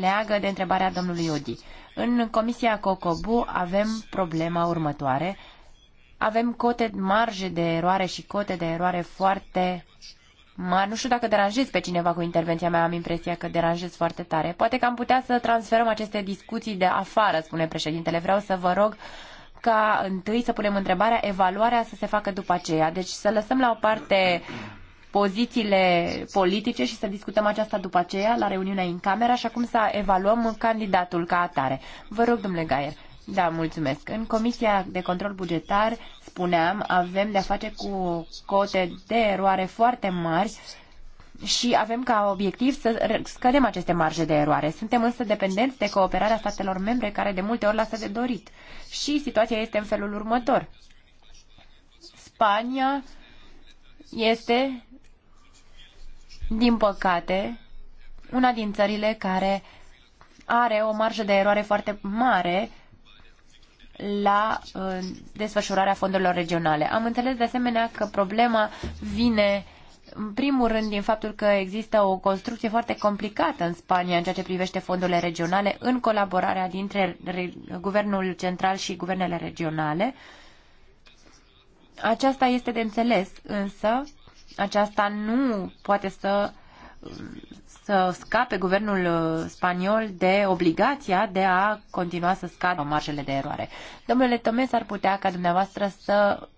leagă de întrebarea domnului Odi. În Comisia Cocobu avem problema următoare. Avem cote, marge de eroare și cote de eroare foarte Mă, nu știu dacă deranjez pe cineva cu intervenția mea, am impresia că deranjez foarte tare. Poate că am putea să transferăm aceste discuții de afară, spune președintele. Vreau să vă rog ca întâi să punem întrebarea, evaluarea să se facă după aceea. Deci să lăsăm la o parte pozițiile politice și să discutăm aceasta după aceea la reuniunea în camera și acum să evaluăm candidatul ca atare. Vă rog, domnule Gaier. Da, mulțumesc. În Comisia de Control Bugetar, spuneam, avem de-a face cu cote de eroare foarte mari și avem ca obiectiv să scădem aceste marje de eroare. Suntem însă dependenți de cooperarea statelor membre, care de multe ori lasă de dorit. Și situația este în felul următor. Spania este, din păcate, una din țările care are o marjă de eroare foarte mare la uh, desfășurarea fondurilor regionale. Am înțeles de asemenea că problema vine în primul rând din faptul că există o construcție foarte complicată în Spania în ceea ce privește fondurile regionale în colaborarea dintre guvernul central și guvernele regionale. Aceasta este de înțeles, însă aceasta nu poate să să scape guvernul uh, spaniol de obligația de a continua să scadă marjele de eroare. Domnule Tomes, ar putea ca dumneavoastră să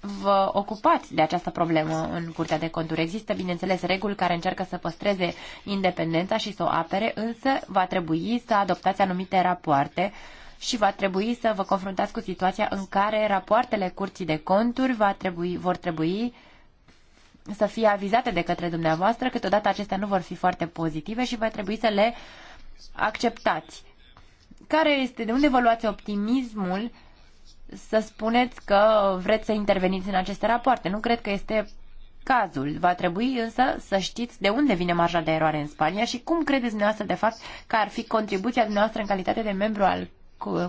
vă ocupați de această problemă în Curtea de Conturi. Există, bineînțeles, reguli care încearcă să păstreze independența și să o apere, însă va trebui să adoptați anumite rapoarte și va trebui să vă confruntați cu situația în care rapoartele Curții de Conturi va trebui, vor trebui uh, să fie avizate de către dumneavoastră, câteodată acestea nu vor fi foarte pozitive și va trebui să le acceptați. Care este, de unde vă luați optimismul să spuneți că vreți să interveniți în aceste rapoarte? Nu cred că este cazul. Va trebui însă să știți de unde vine marja de eroare în Spania și cum credeți dumneavoastră de fapt că ar fi contribuția dumneavoastră în calitate de membru al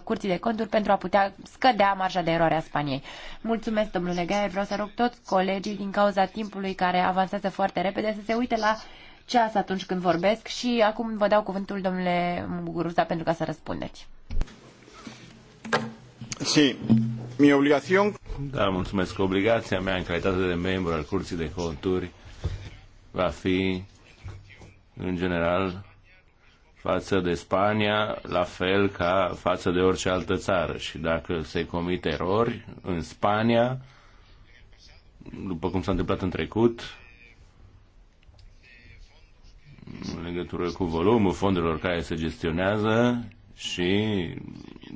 Curții de Conturi pentru a putea scădea marja de eroare a Spaniei. Mulțumesc, domnule Gaia, Vreau să rog toți colegii, din cauza timpului care avansează foarte repede, să se uite la ceas atunci când vorbesc și acum vă dau cuvântul, domnule Muguruza, pentru ca să răspundeți. Sí. Mi obligación... Da, mulțumesc. Obligația mea în calitate de membru al Curții de Conturi va fi, în general, față de Spania, la fel ca față de orice altă țară. Și dacă se comit erori în Spania, după cum s-a întâmplat în trecut, în legătură cu volumul fondurilor care se gestionează și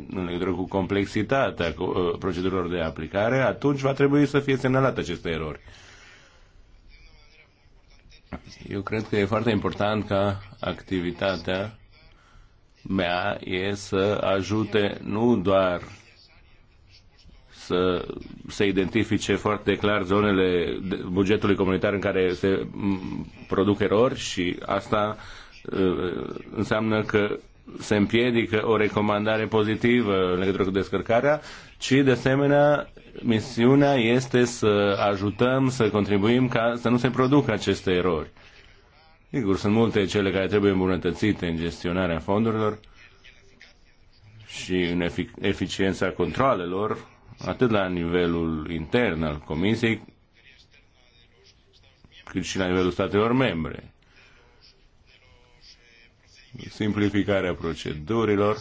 în legătură cu complexitatea uh, procedurilor de aplicare, atunci va trebui să fie semnalate aceste erori. Eu cred că e foarte important ca activitatea mea e să ajute nu doar să se identifice foarte clar zonele bugetului comunitar în care se produc erori și asta uh, înseamnă că se împiedică o recomandare pozitivă în legătură cu descărcarea, ci de asemenea misiunea este să ajutăm, să contribuim ca să nu se producă aceste erori. Sigur, sunt multe cele care trebuie îmbunătățite în gestionarea fondurilor și în efic- eficiența controlelor, atât la nivelul intern al Comisiei, cât și la nivelul statelor membre simplificarea procedurilor,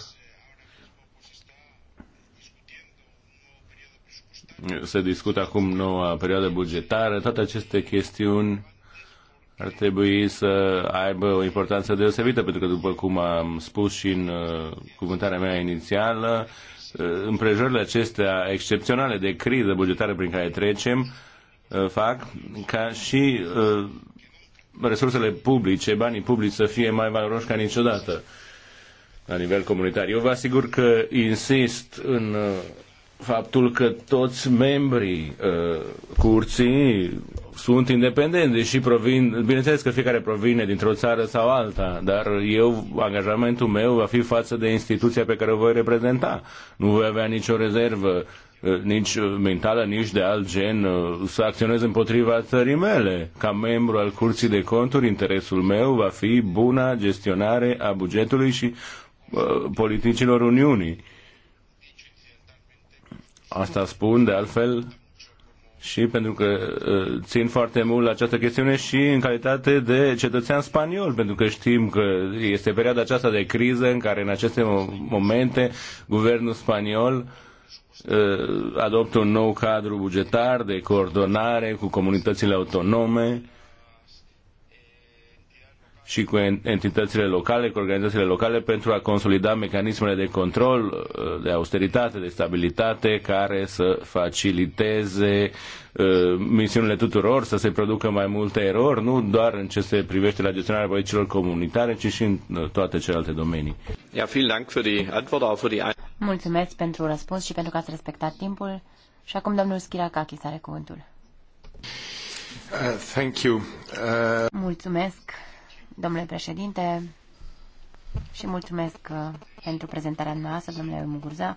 se discută acum noua perioadă bugetară, toate aceste chestiuni ar trebui să aibă o importanță deosebită, pentru că, după cum am spus și în uh, cuvântarea mea inițială, uh, împrejurările acestea excepționale de criză bugetară prin care trecem uh, fac ca și resursele publice, banii publici să fie mai valoroși ca niciodată la nivel comunitar. Eu vă asigur că insist în uh, faptul că toți membrii uh, curții sunt independenți, și provin, bineînțeles că fiecare provine dintr-o țară sau alta, dar eu, angajamentul meu va fi față de instituția pe care o voi reprezenta. Nu voi avea nicio rezervă Eh, nici eh, mentală, nici de alt gen, eh, să acționez împotriva țării mele. Ca membru al Curții de Conturi, interesul meu va fi buna gestionare a bugetului și politicilor Uniunii. Asta spun, de altfel, și pentru că țin foarte mult la această chestiune și în calitate de cetățean spaniol, pentru că știm că este perioada aceasta de criză în care în aceste momente guvernul spaniol uh, Uh, adoptă un nou cadru bugetar de coordonare cu comunitățile autonome și cu entitățile locale, cu organizațiile locale, pentru a consolida mecanismele de control, uh, de austeritate, de stabilitate, care să faciliteze uh, misiunile tuturor, să se producă mai multe erori, nu doar în ce se privește la gestionarea politicilor comunitare, ci și în uh, toate celelalte domenii. Mulțumesc pentru răspuns și pentru că ați respectat timpul. Și acum domnul Schirakakis are cuvântul. Uh, thank you. Uh... Mulțumesc domnule președinte, și mulțumesc uh, pentru prezentarea noastră, domnule Mugurza.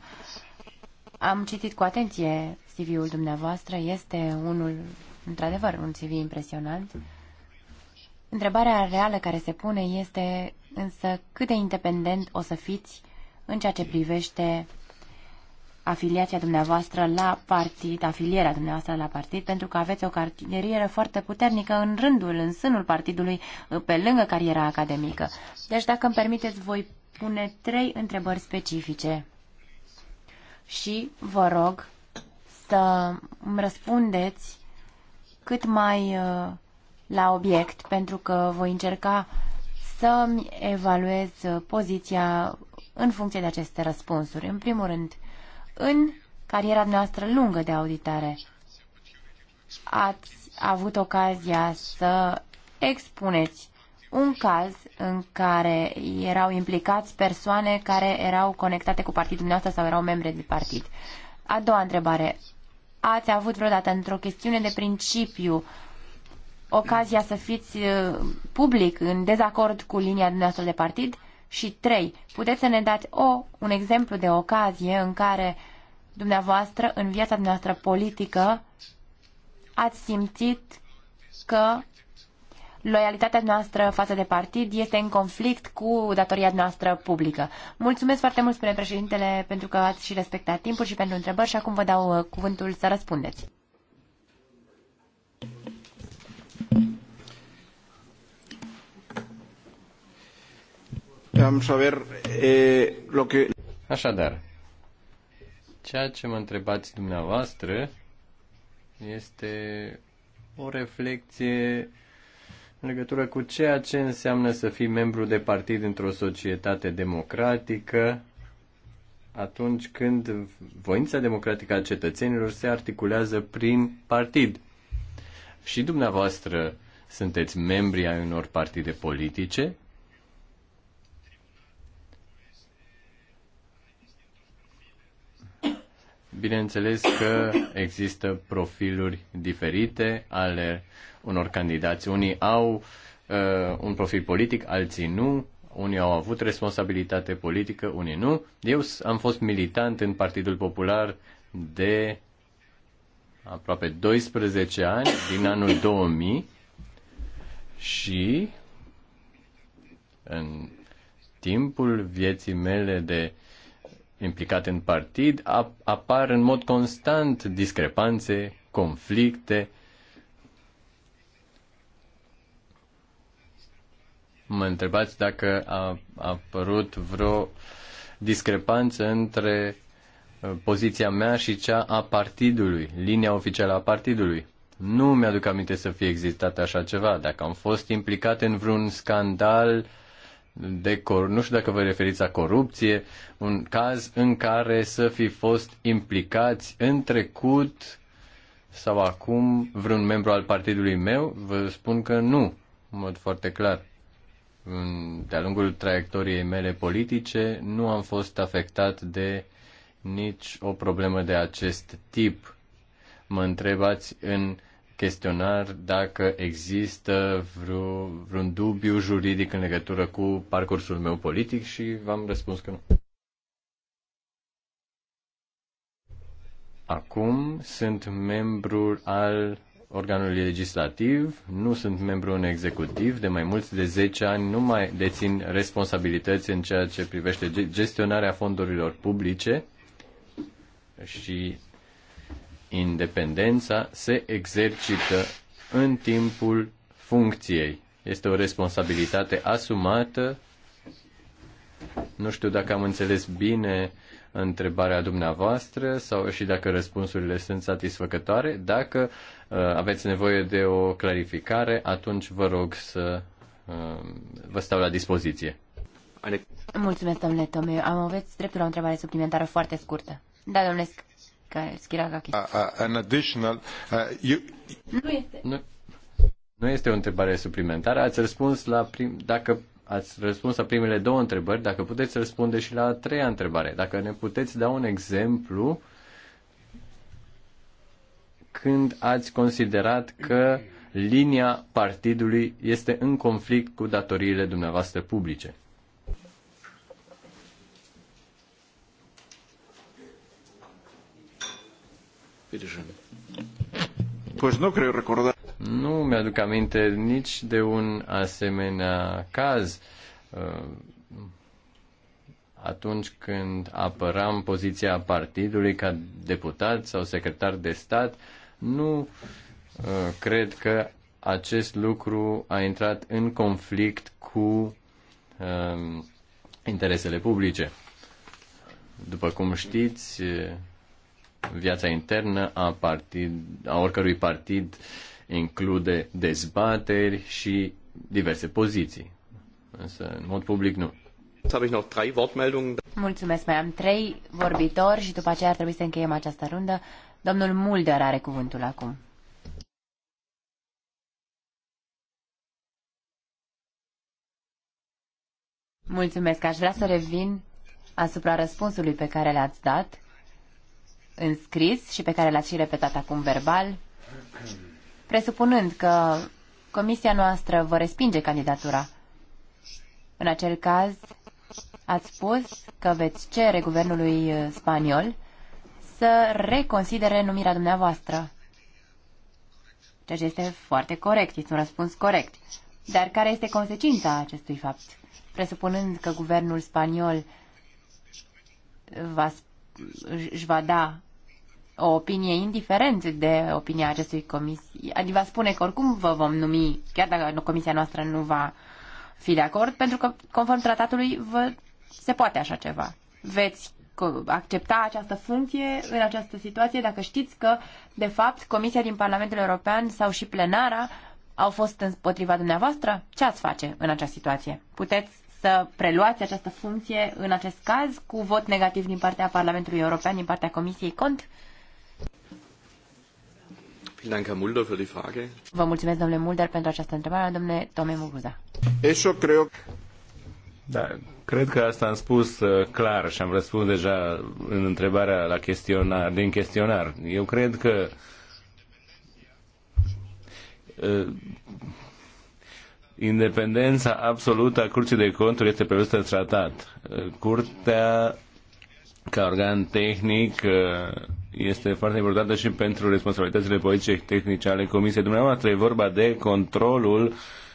Am citit cu atenție CV-ul dumneavoastră. Este unul, într-adevăr, un CV impresionant. Întrebarea reală care se pune este însă cât de independent o să fiți în ceea ce privește afiliația dumneavoastră la partid, afilierea dumneavoastră la partid, pentru că aveți o carieră foarte puternică în rândul, în sânul partidului, pe lângă cariera academică. Deci, dacă îmi permiteți, voi pune trei întrebări specifice și vă rog să îmi răspundeți cât mai uh, la obiect, pentru că voi încerca să-mi evaluez uh, poziția în funcție de aceste răspunsuri. În primul rând, în cariera noastră lungă de auditare, ați avut ocazia să expuneți un caz în care erau implicați persoane care erau conectate cu partidul noastră sau erau membre de partid. A doua întrebare. Ați avut vreodată într-o chestiune de principiu ocazia să fiți uh, public în dezacord cu linia dumneavoastră de partid? Și 3. Puteți să ne dați o, un exemplu de ocazie în care dumneavoastră, în viața dumneavoastră politică, ați simțit că loialitatea noastră față de partid este în conflict cu datoria noastră publică. Mulțumesc foarte mult, spune președintele, pentru că ați și respectat timpul și pentru întrebări și acum vă dau uh, cuvântul să răspundeți. ver eh, lo que... Așadar, ceea ce mă întrebați dumneavoastră este o reflexie în legătură cu ceea ce înseamnă să fii membru de partid într-o societate democratică atunci când voința democratică a cetățenilor se articulează prin partid. Și dumneavoastră sunteți membri ai unor partide politice Bineînțeles că există profiluri diferite ale unor candidați. Unii au uh, un profil politic, alții nu, unii au avut responsabilitate politică, unii nu. Eu am fost militant în Partidul Popular de aproape 12 ani, din anul 2000 și în timpul vieții mele de implicat în partid, apar în mod constant discrepanțe, conflicte. Mă întrebați dacă a apărut vreo discrepanță între uh, poziția mea și cea a partidului, linia oficială a partidului. Nu mi-aduc aminte să fie existat așa ceva. Dacă am fost implicat în vreun scandal uh, de cor- nu știu dacă vă referiți la corupție, un caz în care să fi fost implicați în trecut sau acum vreun membru al partidului meu, vă spun că nu, în mod foarte clar. De-a lungul traiectoriei mele politice nu am fost afectat de nici o problemă de acest tip. Mă întrebați în chestionar dacă există vreo, vreun dubiu juridic în legătură cu parcursul meu politic și v-am răspuns că nu. Acum sunt membru al organului legislativ, nu sunt membru în executiv, de mai mulți de 10 ani nu mai dețin responsabilități în ceea ce privește gestionarea fondurilor publice și Independența se exercită în timpul funcției. Este o responsabilitate asumată. Nu știu dacă am înțeles bine întrebarea dumneavoastră sau și dacă răspunsurile sunt satisfăcătoare. Dacă uh, aveți nevoie de o clarificare, atunci vă rog să uh, vă stau la dispoziție. Mulțumesc, domnule Tomeu. Am aveți dreptul la o întrebare suplimentară foarte scurtă. Da, domnule Schiragaki. An additional, uh, you... nu, este. Nu, nu este o întrebare suplimentară. Ați răspuns la prim, dacă ați răspuns la primele două întrebări, dacă puteți răspunde și la a treia întrebare. Dacă ne puteți da un exemplu când ați considerat că linia partidului este în conflict cu datoriile dumneavoastră publice. Bitte nu recorda. Nu mi-aduc aminte nici de un asemenea caz. Uh, atunci când apăram poziția partidului ca deputat sau secretar de stat, nu uh, cred că acest lucru a intrat în conflict cu uh, interesele publice. După cum știți, viața internă a, partid, a oricărui partid include dezbateri și diverse poziții. Însă, în mod public, nu. Mulțumesc, mai am trei vorbitori și după aceea ar trebui să încheiem această rundă. Domnul Mulder are cuvântul acum. Mulțumesc, aș vrea să revin asupra răspunsului pe care l-ați dat în scris și pe care l-ați și repetat acum verbal, presupunând că comisia noastră vă respinge candidatura. În acel caz, ați spus că veți cere guvernului uh, spaniol să reconsidere numirea dumneavoastră. Ceea ce este foarte corect, este un răspuns corect. Dar care este consecința acestui fapt? Presupunând că guvernul spaniol va, își va da o opinie indiferent de opinia acestui comisie, Adică va spune că oricum vă vom numi, chiar dacă comisia noastră nu va fi de acord, pentru că conform tratatului vă, se poate așa ceva. Veți accepta această funcție în această situație dacă știți că, de fapt, Comisia din Parlamentul European sau și plenara au fost împotriva dumneavoastră? Ce ați face în această situație? Puteți să preluați această funcție în acest caz cu vot negativ din partea Parlamentului European, din partea Comisiei Cont? Vă mulțumesc, domnule Mulder, pentru această întrebare. Domnule Tome Muguza. Da, cred că asta am spus uh, clar și am răspuns deja în întrebarea la chestionar, din chestionar. Eu cred că uh, independența absolută a Curții de Conturi este prevăzută în tratat. Uh, Curtea, ca organ tehnic, este foarte importantă și pentru responsabilitățile politice tehnice ale Comisiei dumneavoastră. E vorba de controlul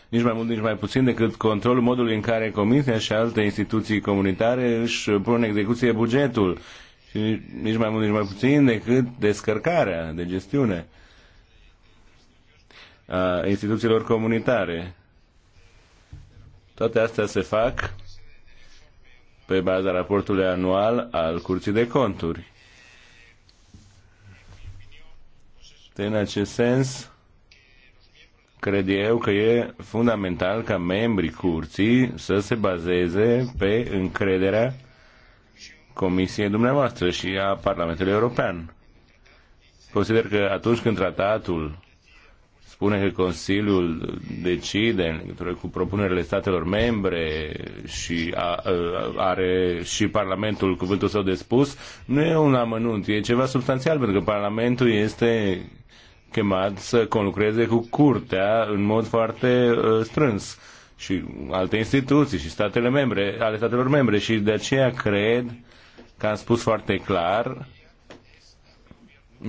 nici mai mult, nici mai puțin decât controlul modului în care Comisia și alte instituții comunitare își pun în execuție bugetul și nici mai mult, nici mai puțin decât descărcarea de gestiune a instituțiilor comunitare. Toate astea se fac pe baza raportului anual al Curții de Conturi. Este în acest sens, cred eu, că e fundamental ca membrii curții să se bazeze pe încrederea Comisiei dumneavoastră și a Parlamentului European. Consider că atunci când tratatul spune că Consiliul decide în legătură cu propunerile statelor membre și a, a, are și Parlamentul cuvântul său de spus, nu e un amănunt, e ceva substanțial, pentru că Parlamentul este chemat să conlucreze cu curtea în mod foarte uh, strâns și alte instituții și statele membre, ale statelor membre și de aceea cred că am spus foarte clar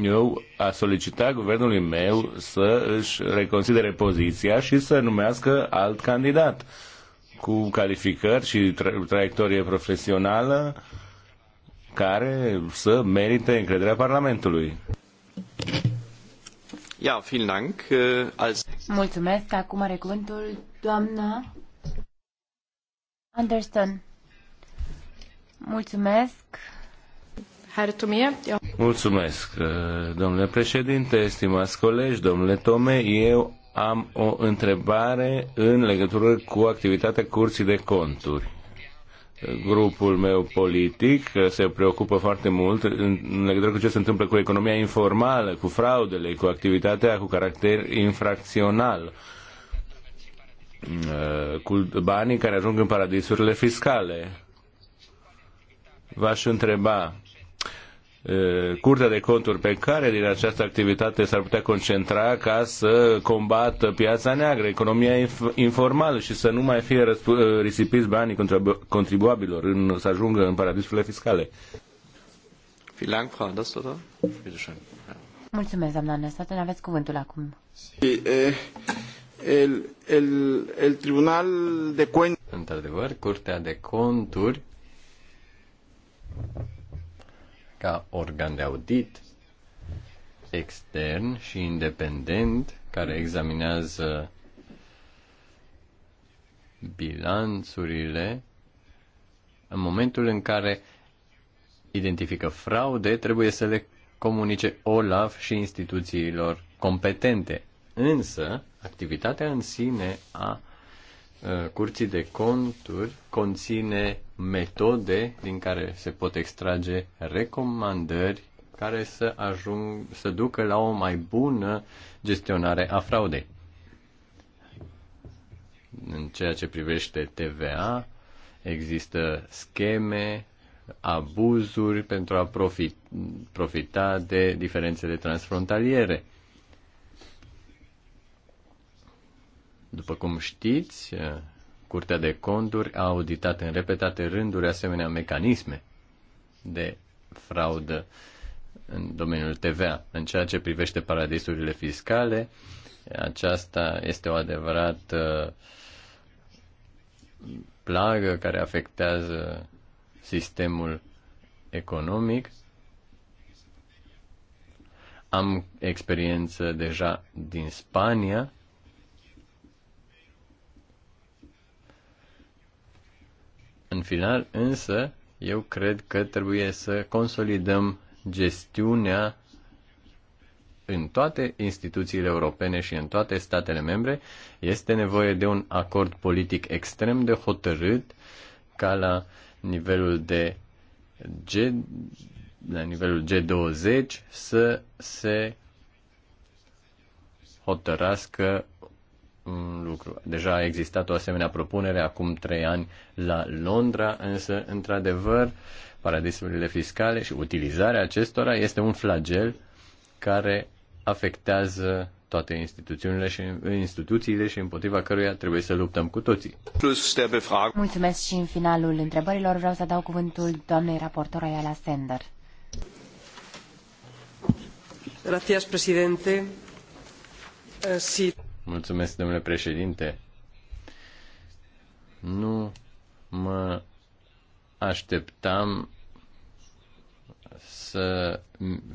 eu a solicitat guvernului meu să își reconsidere poziția și să numească alt candidat cu calificări și tra- traiectorie profesională care să merite încrederea Parlamentului. Äh, Mulțumesc. Acum are cuvântul doamna Anderson. Mulțumesc. Mulțumesc, uh, domnule președinte, stimați colegi, domnule Tome. Eu am o întrebare în legătură cu activitatea Curții de Conturi grupul meu politic se preocupă foarte mult în legătură cu ce se întâmplă cu economia informală, cu fraudele, cu activitatea cu caracter infracțional, uh, cu banii care ajung în paradisurile fiscale. V-aș întreba Curtea de Conturi, pe care din această activitate s-ar putea concentra ca să combată piața neagră, economia inf- informală și să nu mai fie risipiți banii contribu- contribuabilor, în, să ajungă în paradisurile fiscale. Mulțumesc, doamna Nestaten. Aveți cuvântul acum. Eh, el, el, el Tribunal de Cuentas. Într-adevăr, Curtea de Conturi ca organ de audit extern și independent care examinează bilanțurile în momentul în care identifică fraude, trebuie să le comunice OLAF și instituțiilor competente. Însă, activitatea în sine a Uh, curții de conturi conține metode din care se pot extrage recomandări care să ajung să ducă la o mai bună gestionare a fraudei. În ceea ce privește TVA, există scheme, abuzuri pentru a profita de diferențele transfrontaliere După cum știți, eh, Curtea de Conturi a auditat în repetate rânduri asemenea mecanisme de fraudă în domeniul TVA. În ceea ce privește paradisurile fiscale, aceasta este o adevărată eh, plagă care afectează sistemul economic. Am experiență deja din Spania, în final, însă eu cred că trebuie să consolidăm gestiunea în toate instituțiile europene și în toate statele membre. Este nevoie de un acord politic extrem de hotărât ca la nivelul de G, la nivelul G20 să se hotărască un lucru. Deja a existat o asemenea propunere acum trei ani la Londra, însă, într-adevăr, paradisurile fiscale și utilizarea acestora este un flagel care afectează toate instituțiile și, instituțiile și împotriva căruia trebuie să luptăm cu toții. Mulțumesc și în finalul întrebărilor vreau să dau cuvântul doamnei raportor Ayala Sender. Gracias, presidente. Uh, eh, si... Mulțumesc, domnule președinte. Nu mă așteptam să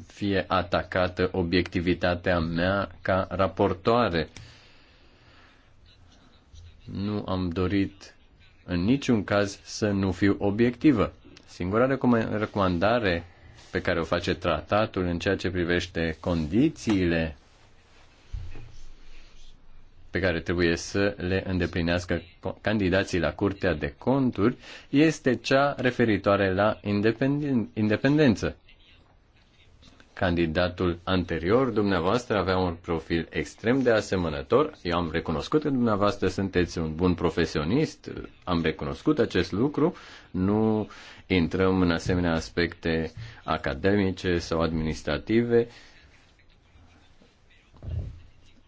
fie atacată obiectivitatea mea ca raportoare. Nu am dorit în niciun caz să nu fiu obiectivă. Singura recomandare pe care o face tratatul în ceea ce privește condițiile pe care trebuie să le îndeplinească candidații la Curtea de Conturi este cea referitoare la independen- independență. Candidatul anterior, dumneavoastră, avea un profil extrem de asemănător. Eu am recunoscut că dumneavoastră sunteți un bun profesionist, am recunoscut acest lucru, nu intrăm în asemenea aspecte academice sau administrative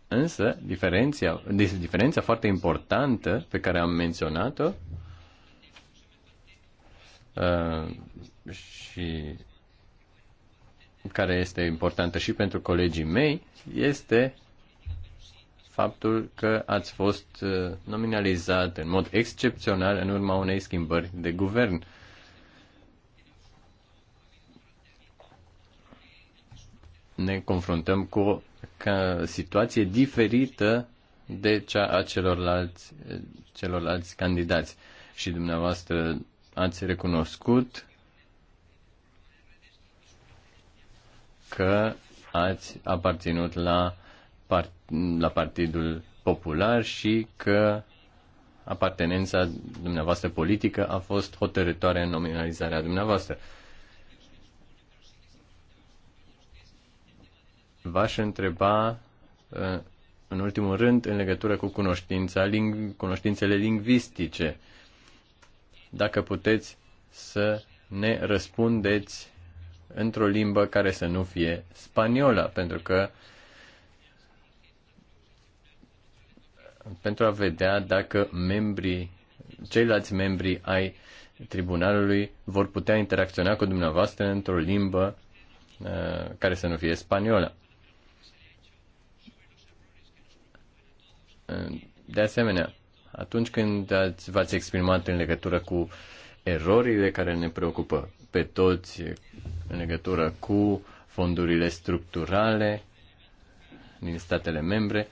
Însă, diferenția, diferența foarte importantă pe care am menționat-o uh, și care este importantă și pentru colegii mei este faptul că ați fost uh, nominalizat în mod excepțional în urma unei schimbări de guvern. Ne confruntăm cu o ca situație diferită de cea a celorlalți, celorlalți candidați. Și dumneavoastră ați recunoscut că ați aparținut la, part, la Partidul Popular și că apartenența dumneavoastră politică a fost hotărătoare în nominalizarea dumneavoastră. Uh, V-aș întreba, ă, în ultimul rând, în legătură cu cunoștința, ling- cunoștințele lingvistice, dacă puteți să ne răspundeți într-o limbă care să nu fie spaniola, pentru că pentru a vedea dacă membrii, ceilalți membri ai tribunalului vor putea interacționa cu dumneavoastră într-o limbă uh, care să nu fie spaniola. De asemenea, atunci când ați, v-ați exprimat în legătură cu erorile care ne preocupă pe toți în legătură cu fondurile structurale din statele membre,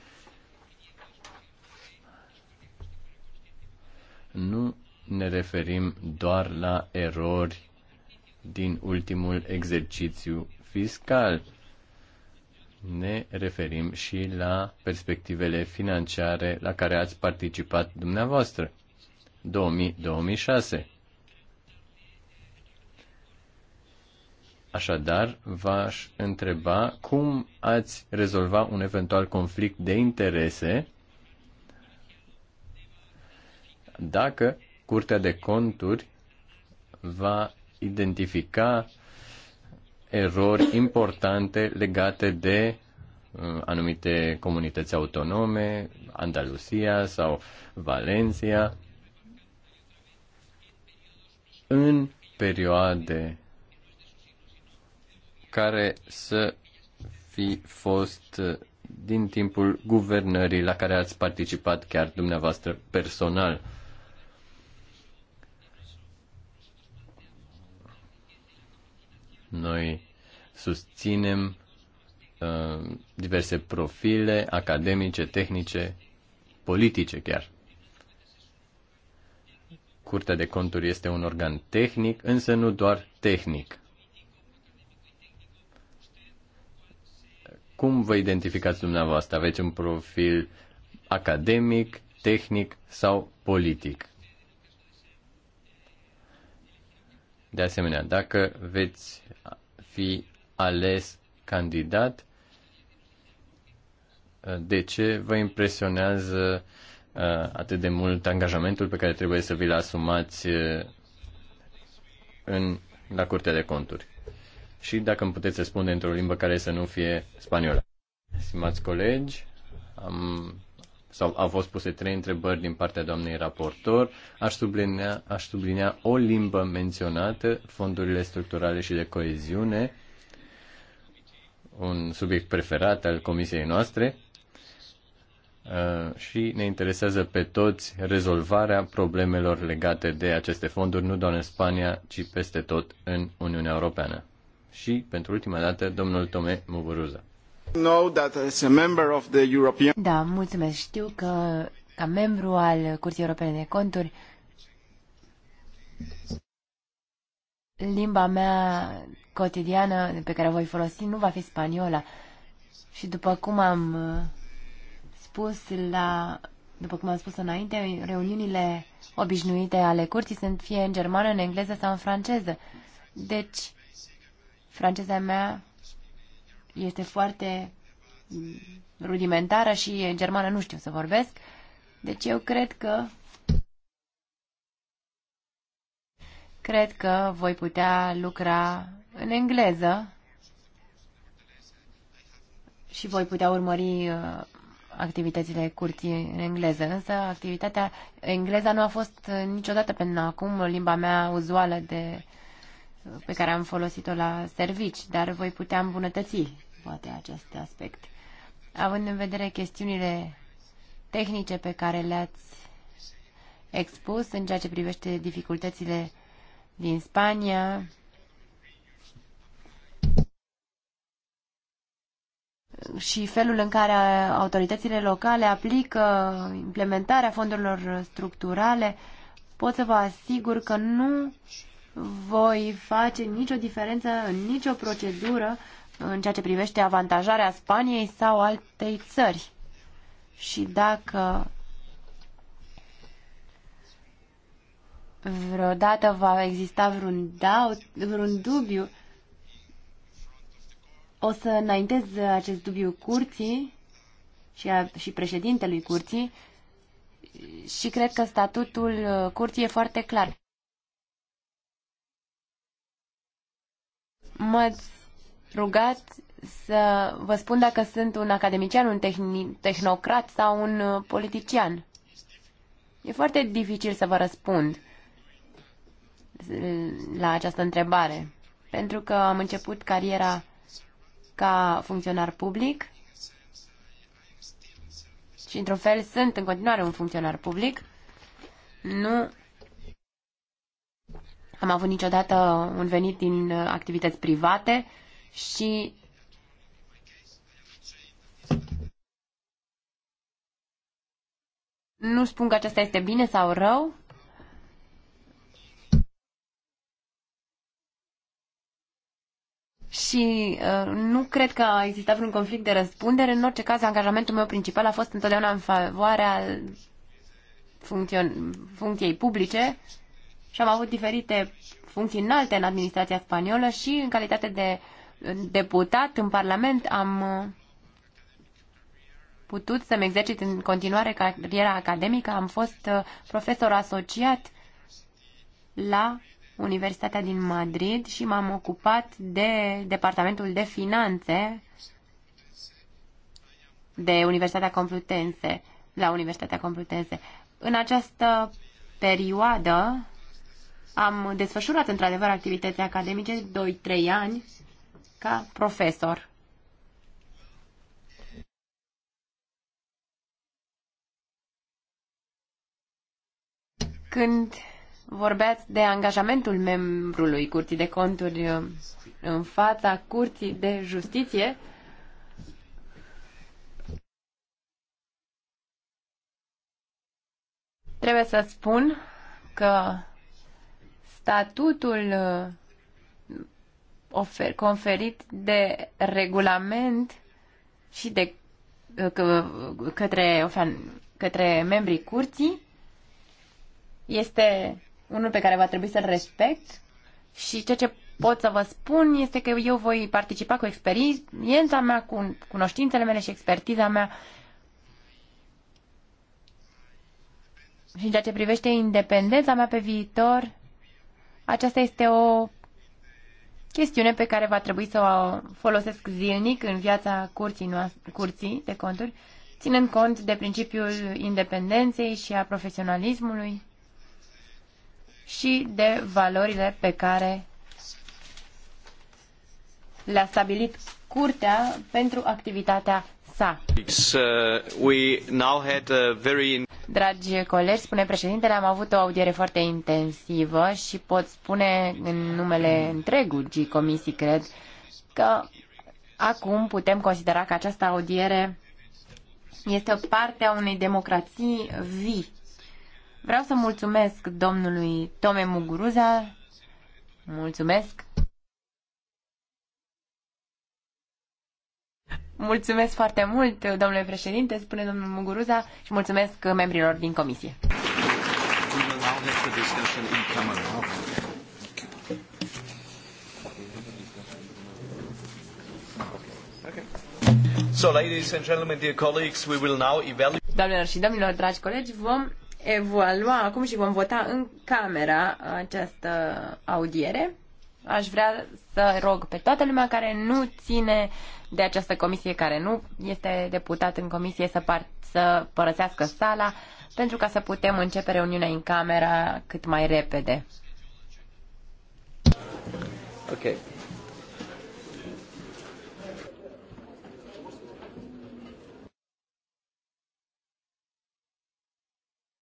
nu ne referim doar la erori din ultimul exercițiu fiscal ne referim și la perspectivele financiare la care ați participat dumneavoastră, 2000-2006. Așadar, v-aș întreba cum ați rezolva un eventual conflict de interese dacă Curtea de Conturi va identifica erori importante legate de uh, anumite comunități autonome, Andalusia sau Valencia, în perioade care să fi fost uh, din timpul guvernării la care ați participat chiar dumneavoastră personal. Noi susținem uh, diverse profile academice, tehnice, politice chiar. Curtea de conturi este un organ tehnic, însă nu doar tehnic. Cum vă identificați dumneavoastră? Aveți un profil academic, tehnic sau politic? De asemenea, dacă veți fi ales candidat, de ce vă impresionează uh, atât de mult angajamentul pe care trebuie să vi-l asumați uh, în, la Curtea de Conturi? Și dacă îmi puteți răspunde într-o limbă care să nu fie spaniolă. Stimați colegi, am sau au fost puse trei întrebări din partea doamnei raportor. Aș sublinea, aș sublinea o limbă menționată, fondurile structurale și de coeziune, un subiect preferat al comisiei noastre uh, și ne interesează pe toți rezolvarea problemelor legate de aceste fonduri, nu doar în Spania, ci peste tot în Uniunea Europeană. Și, pentru ultima dată, domnul Tome Muguruza. Da, mulțumesc. Știu că ca membru al Curții Europene de Conturi, limba mea cotidiană pe care o voi folosi nu va fi spaniola. Și după cum am uh, spus la după cum am spus înainte, reuniunile obișnuite ale curții sunt fie în germană, în engleză sau în franceză. Deci, franceza mea este foarte rudimentară și în germană nu știu să vorbesc. Deci eu cred că cred că voi putea lucra în engleză și voi putea urmări uh, activitățile curții în engleză. Însă activitatea engleza nu a fost uh, niciodată până acum limba mea uzuală de, pe care am folosit-o la servici, dar voi putea îmbunătăți poate acest aspect. Având în vedere chestiunile tehnice pe care le-ați expus în ceea ce privește dificultățile din Spania, și felul în care autoritățile locale aplică implementarea fondurilor structurale, pot să vă asigur că nu voi face nicio diferență în nicio procedură în ceea ce privește avantajarea Spaniei sau altei țări. Și dacă vreodată va exista vreun, doubt, vreun dubiu, o să înaintez acest dubiu curții și, a, și președintelui curții și cred că statutul uh, curții e foarte clar. mă rugat să vă spun dacă sunt un academician, un tehnocrat sau un uh, politician. E foarte dificil să vă răspund la această întrebare, pentru că am început cariera ca funcționar public și, într-un fel, sunt în continuare un funcționar public. Nu am avut niciodată un venit din uh, activități private, și nu spun că acesta este bine sau rău. Și uh, nu cred că a existat vreun conflict de răspundere. În orice caz, angajamentul meu principal a fost întotdeauna în favoarea funcției publice și am avut diferite funcții înalte în administrația spaniolă și în calitate de uh, deputat în Parlament am uh, putut să-mi exercit în continuare cariera academică. Am fost uh, profesor asociat la Universitatea din Madrid și m-am ocupat de Departamentul de Finanțe de Universitatea Complutense, la Universitatea Complutense. În această perioadă am desfășurat într-adevăr activități academice 2-3 ani ca profesor. Când vorbeați de angajamentul membrului Curții de Conturi uh, în fața Curții de Justiție, trebuie să spun că statutul uh, ofer, conferit de regulament și de către, către membrii curții este unul pe care va trebui să-l respect și ceea ce pot să vă spun este că eu voi participa cu experiența mea, cu cunoștințele mele și expertiza mea și în ceea ce privește independența mea pe viitor, aceasta este o chestiune pe care va trebui să o folosesc zilnic în viața curții, noastre, curții de conturi, ținând cont de principiul independenței și a profesionalismului și de valorile pe care le-a stabilit curtea pentru activitatea sa. Dragi colegi, spune președintele, am avut o audiere foarte intensivă și pot spune în numele întregului comisii, cred, că acum putem considera că această audiere este o parte a unei democrații vii. Vreau să mulțumesc domnului Tome Muguruza, mulțumesc Mulțumesc foarte mult, domnule președinte, spune domnul Muguruza și mulțumesc membrilor din comisie. So, ladies and gentlemen, dear colleagues, we will now evaluate... Doamnelor și domnilor, dragi colegi, vom evalua acum și vom vota în camera această audiere. Aș vrea să rog pe toată lumea care nu ține uh, de această comisie care nu este deputat în comisie să, par- să părăsească sala pentru ca să putem începe reuniunea în camera cât mai repede. Okay.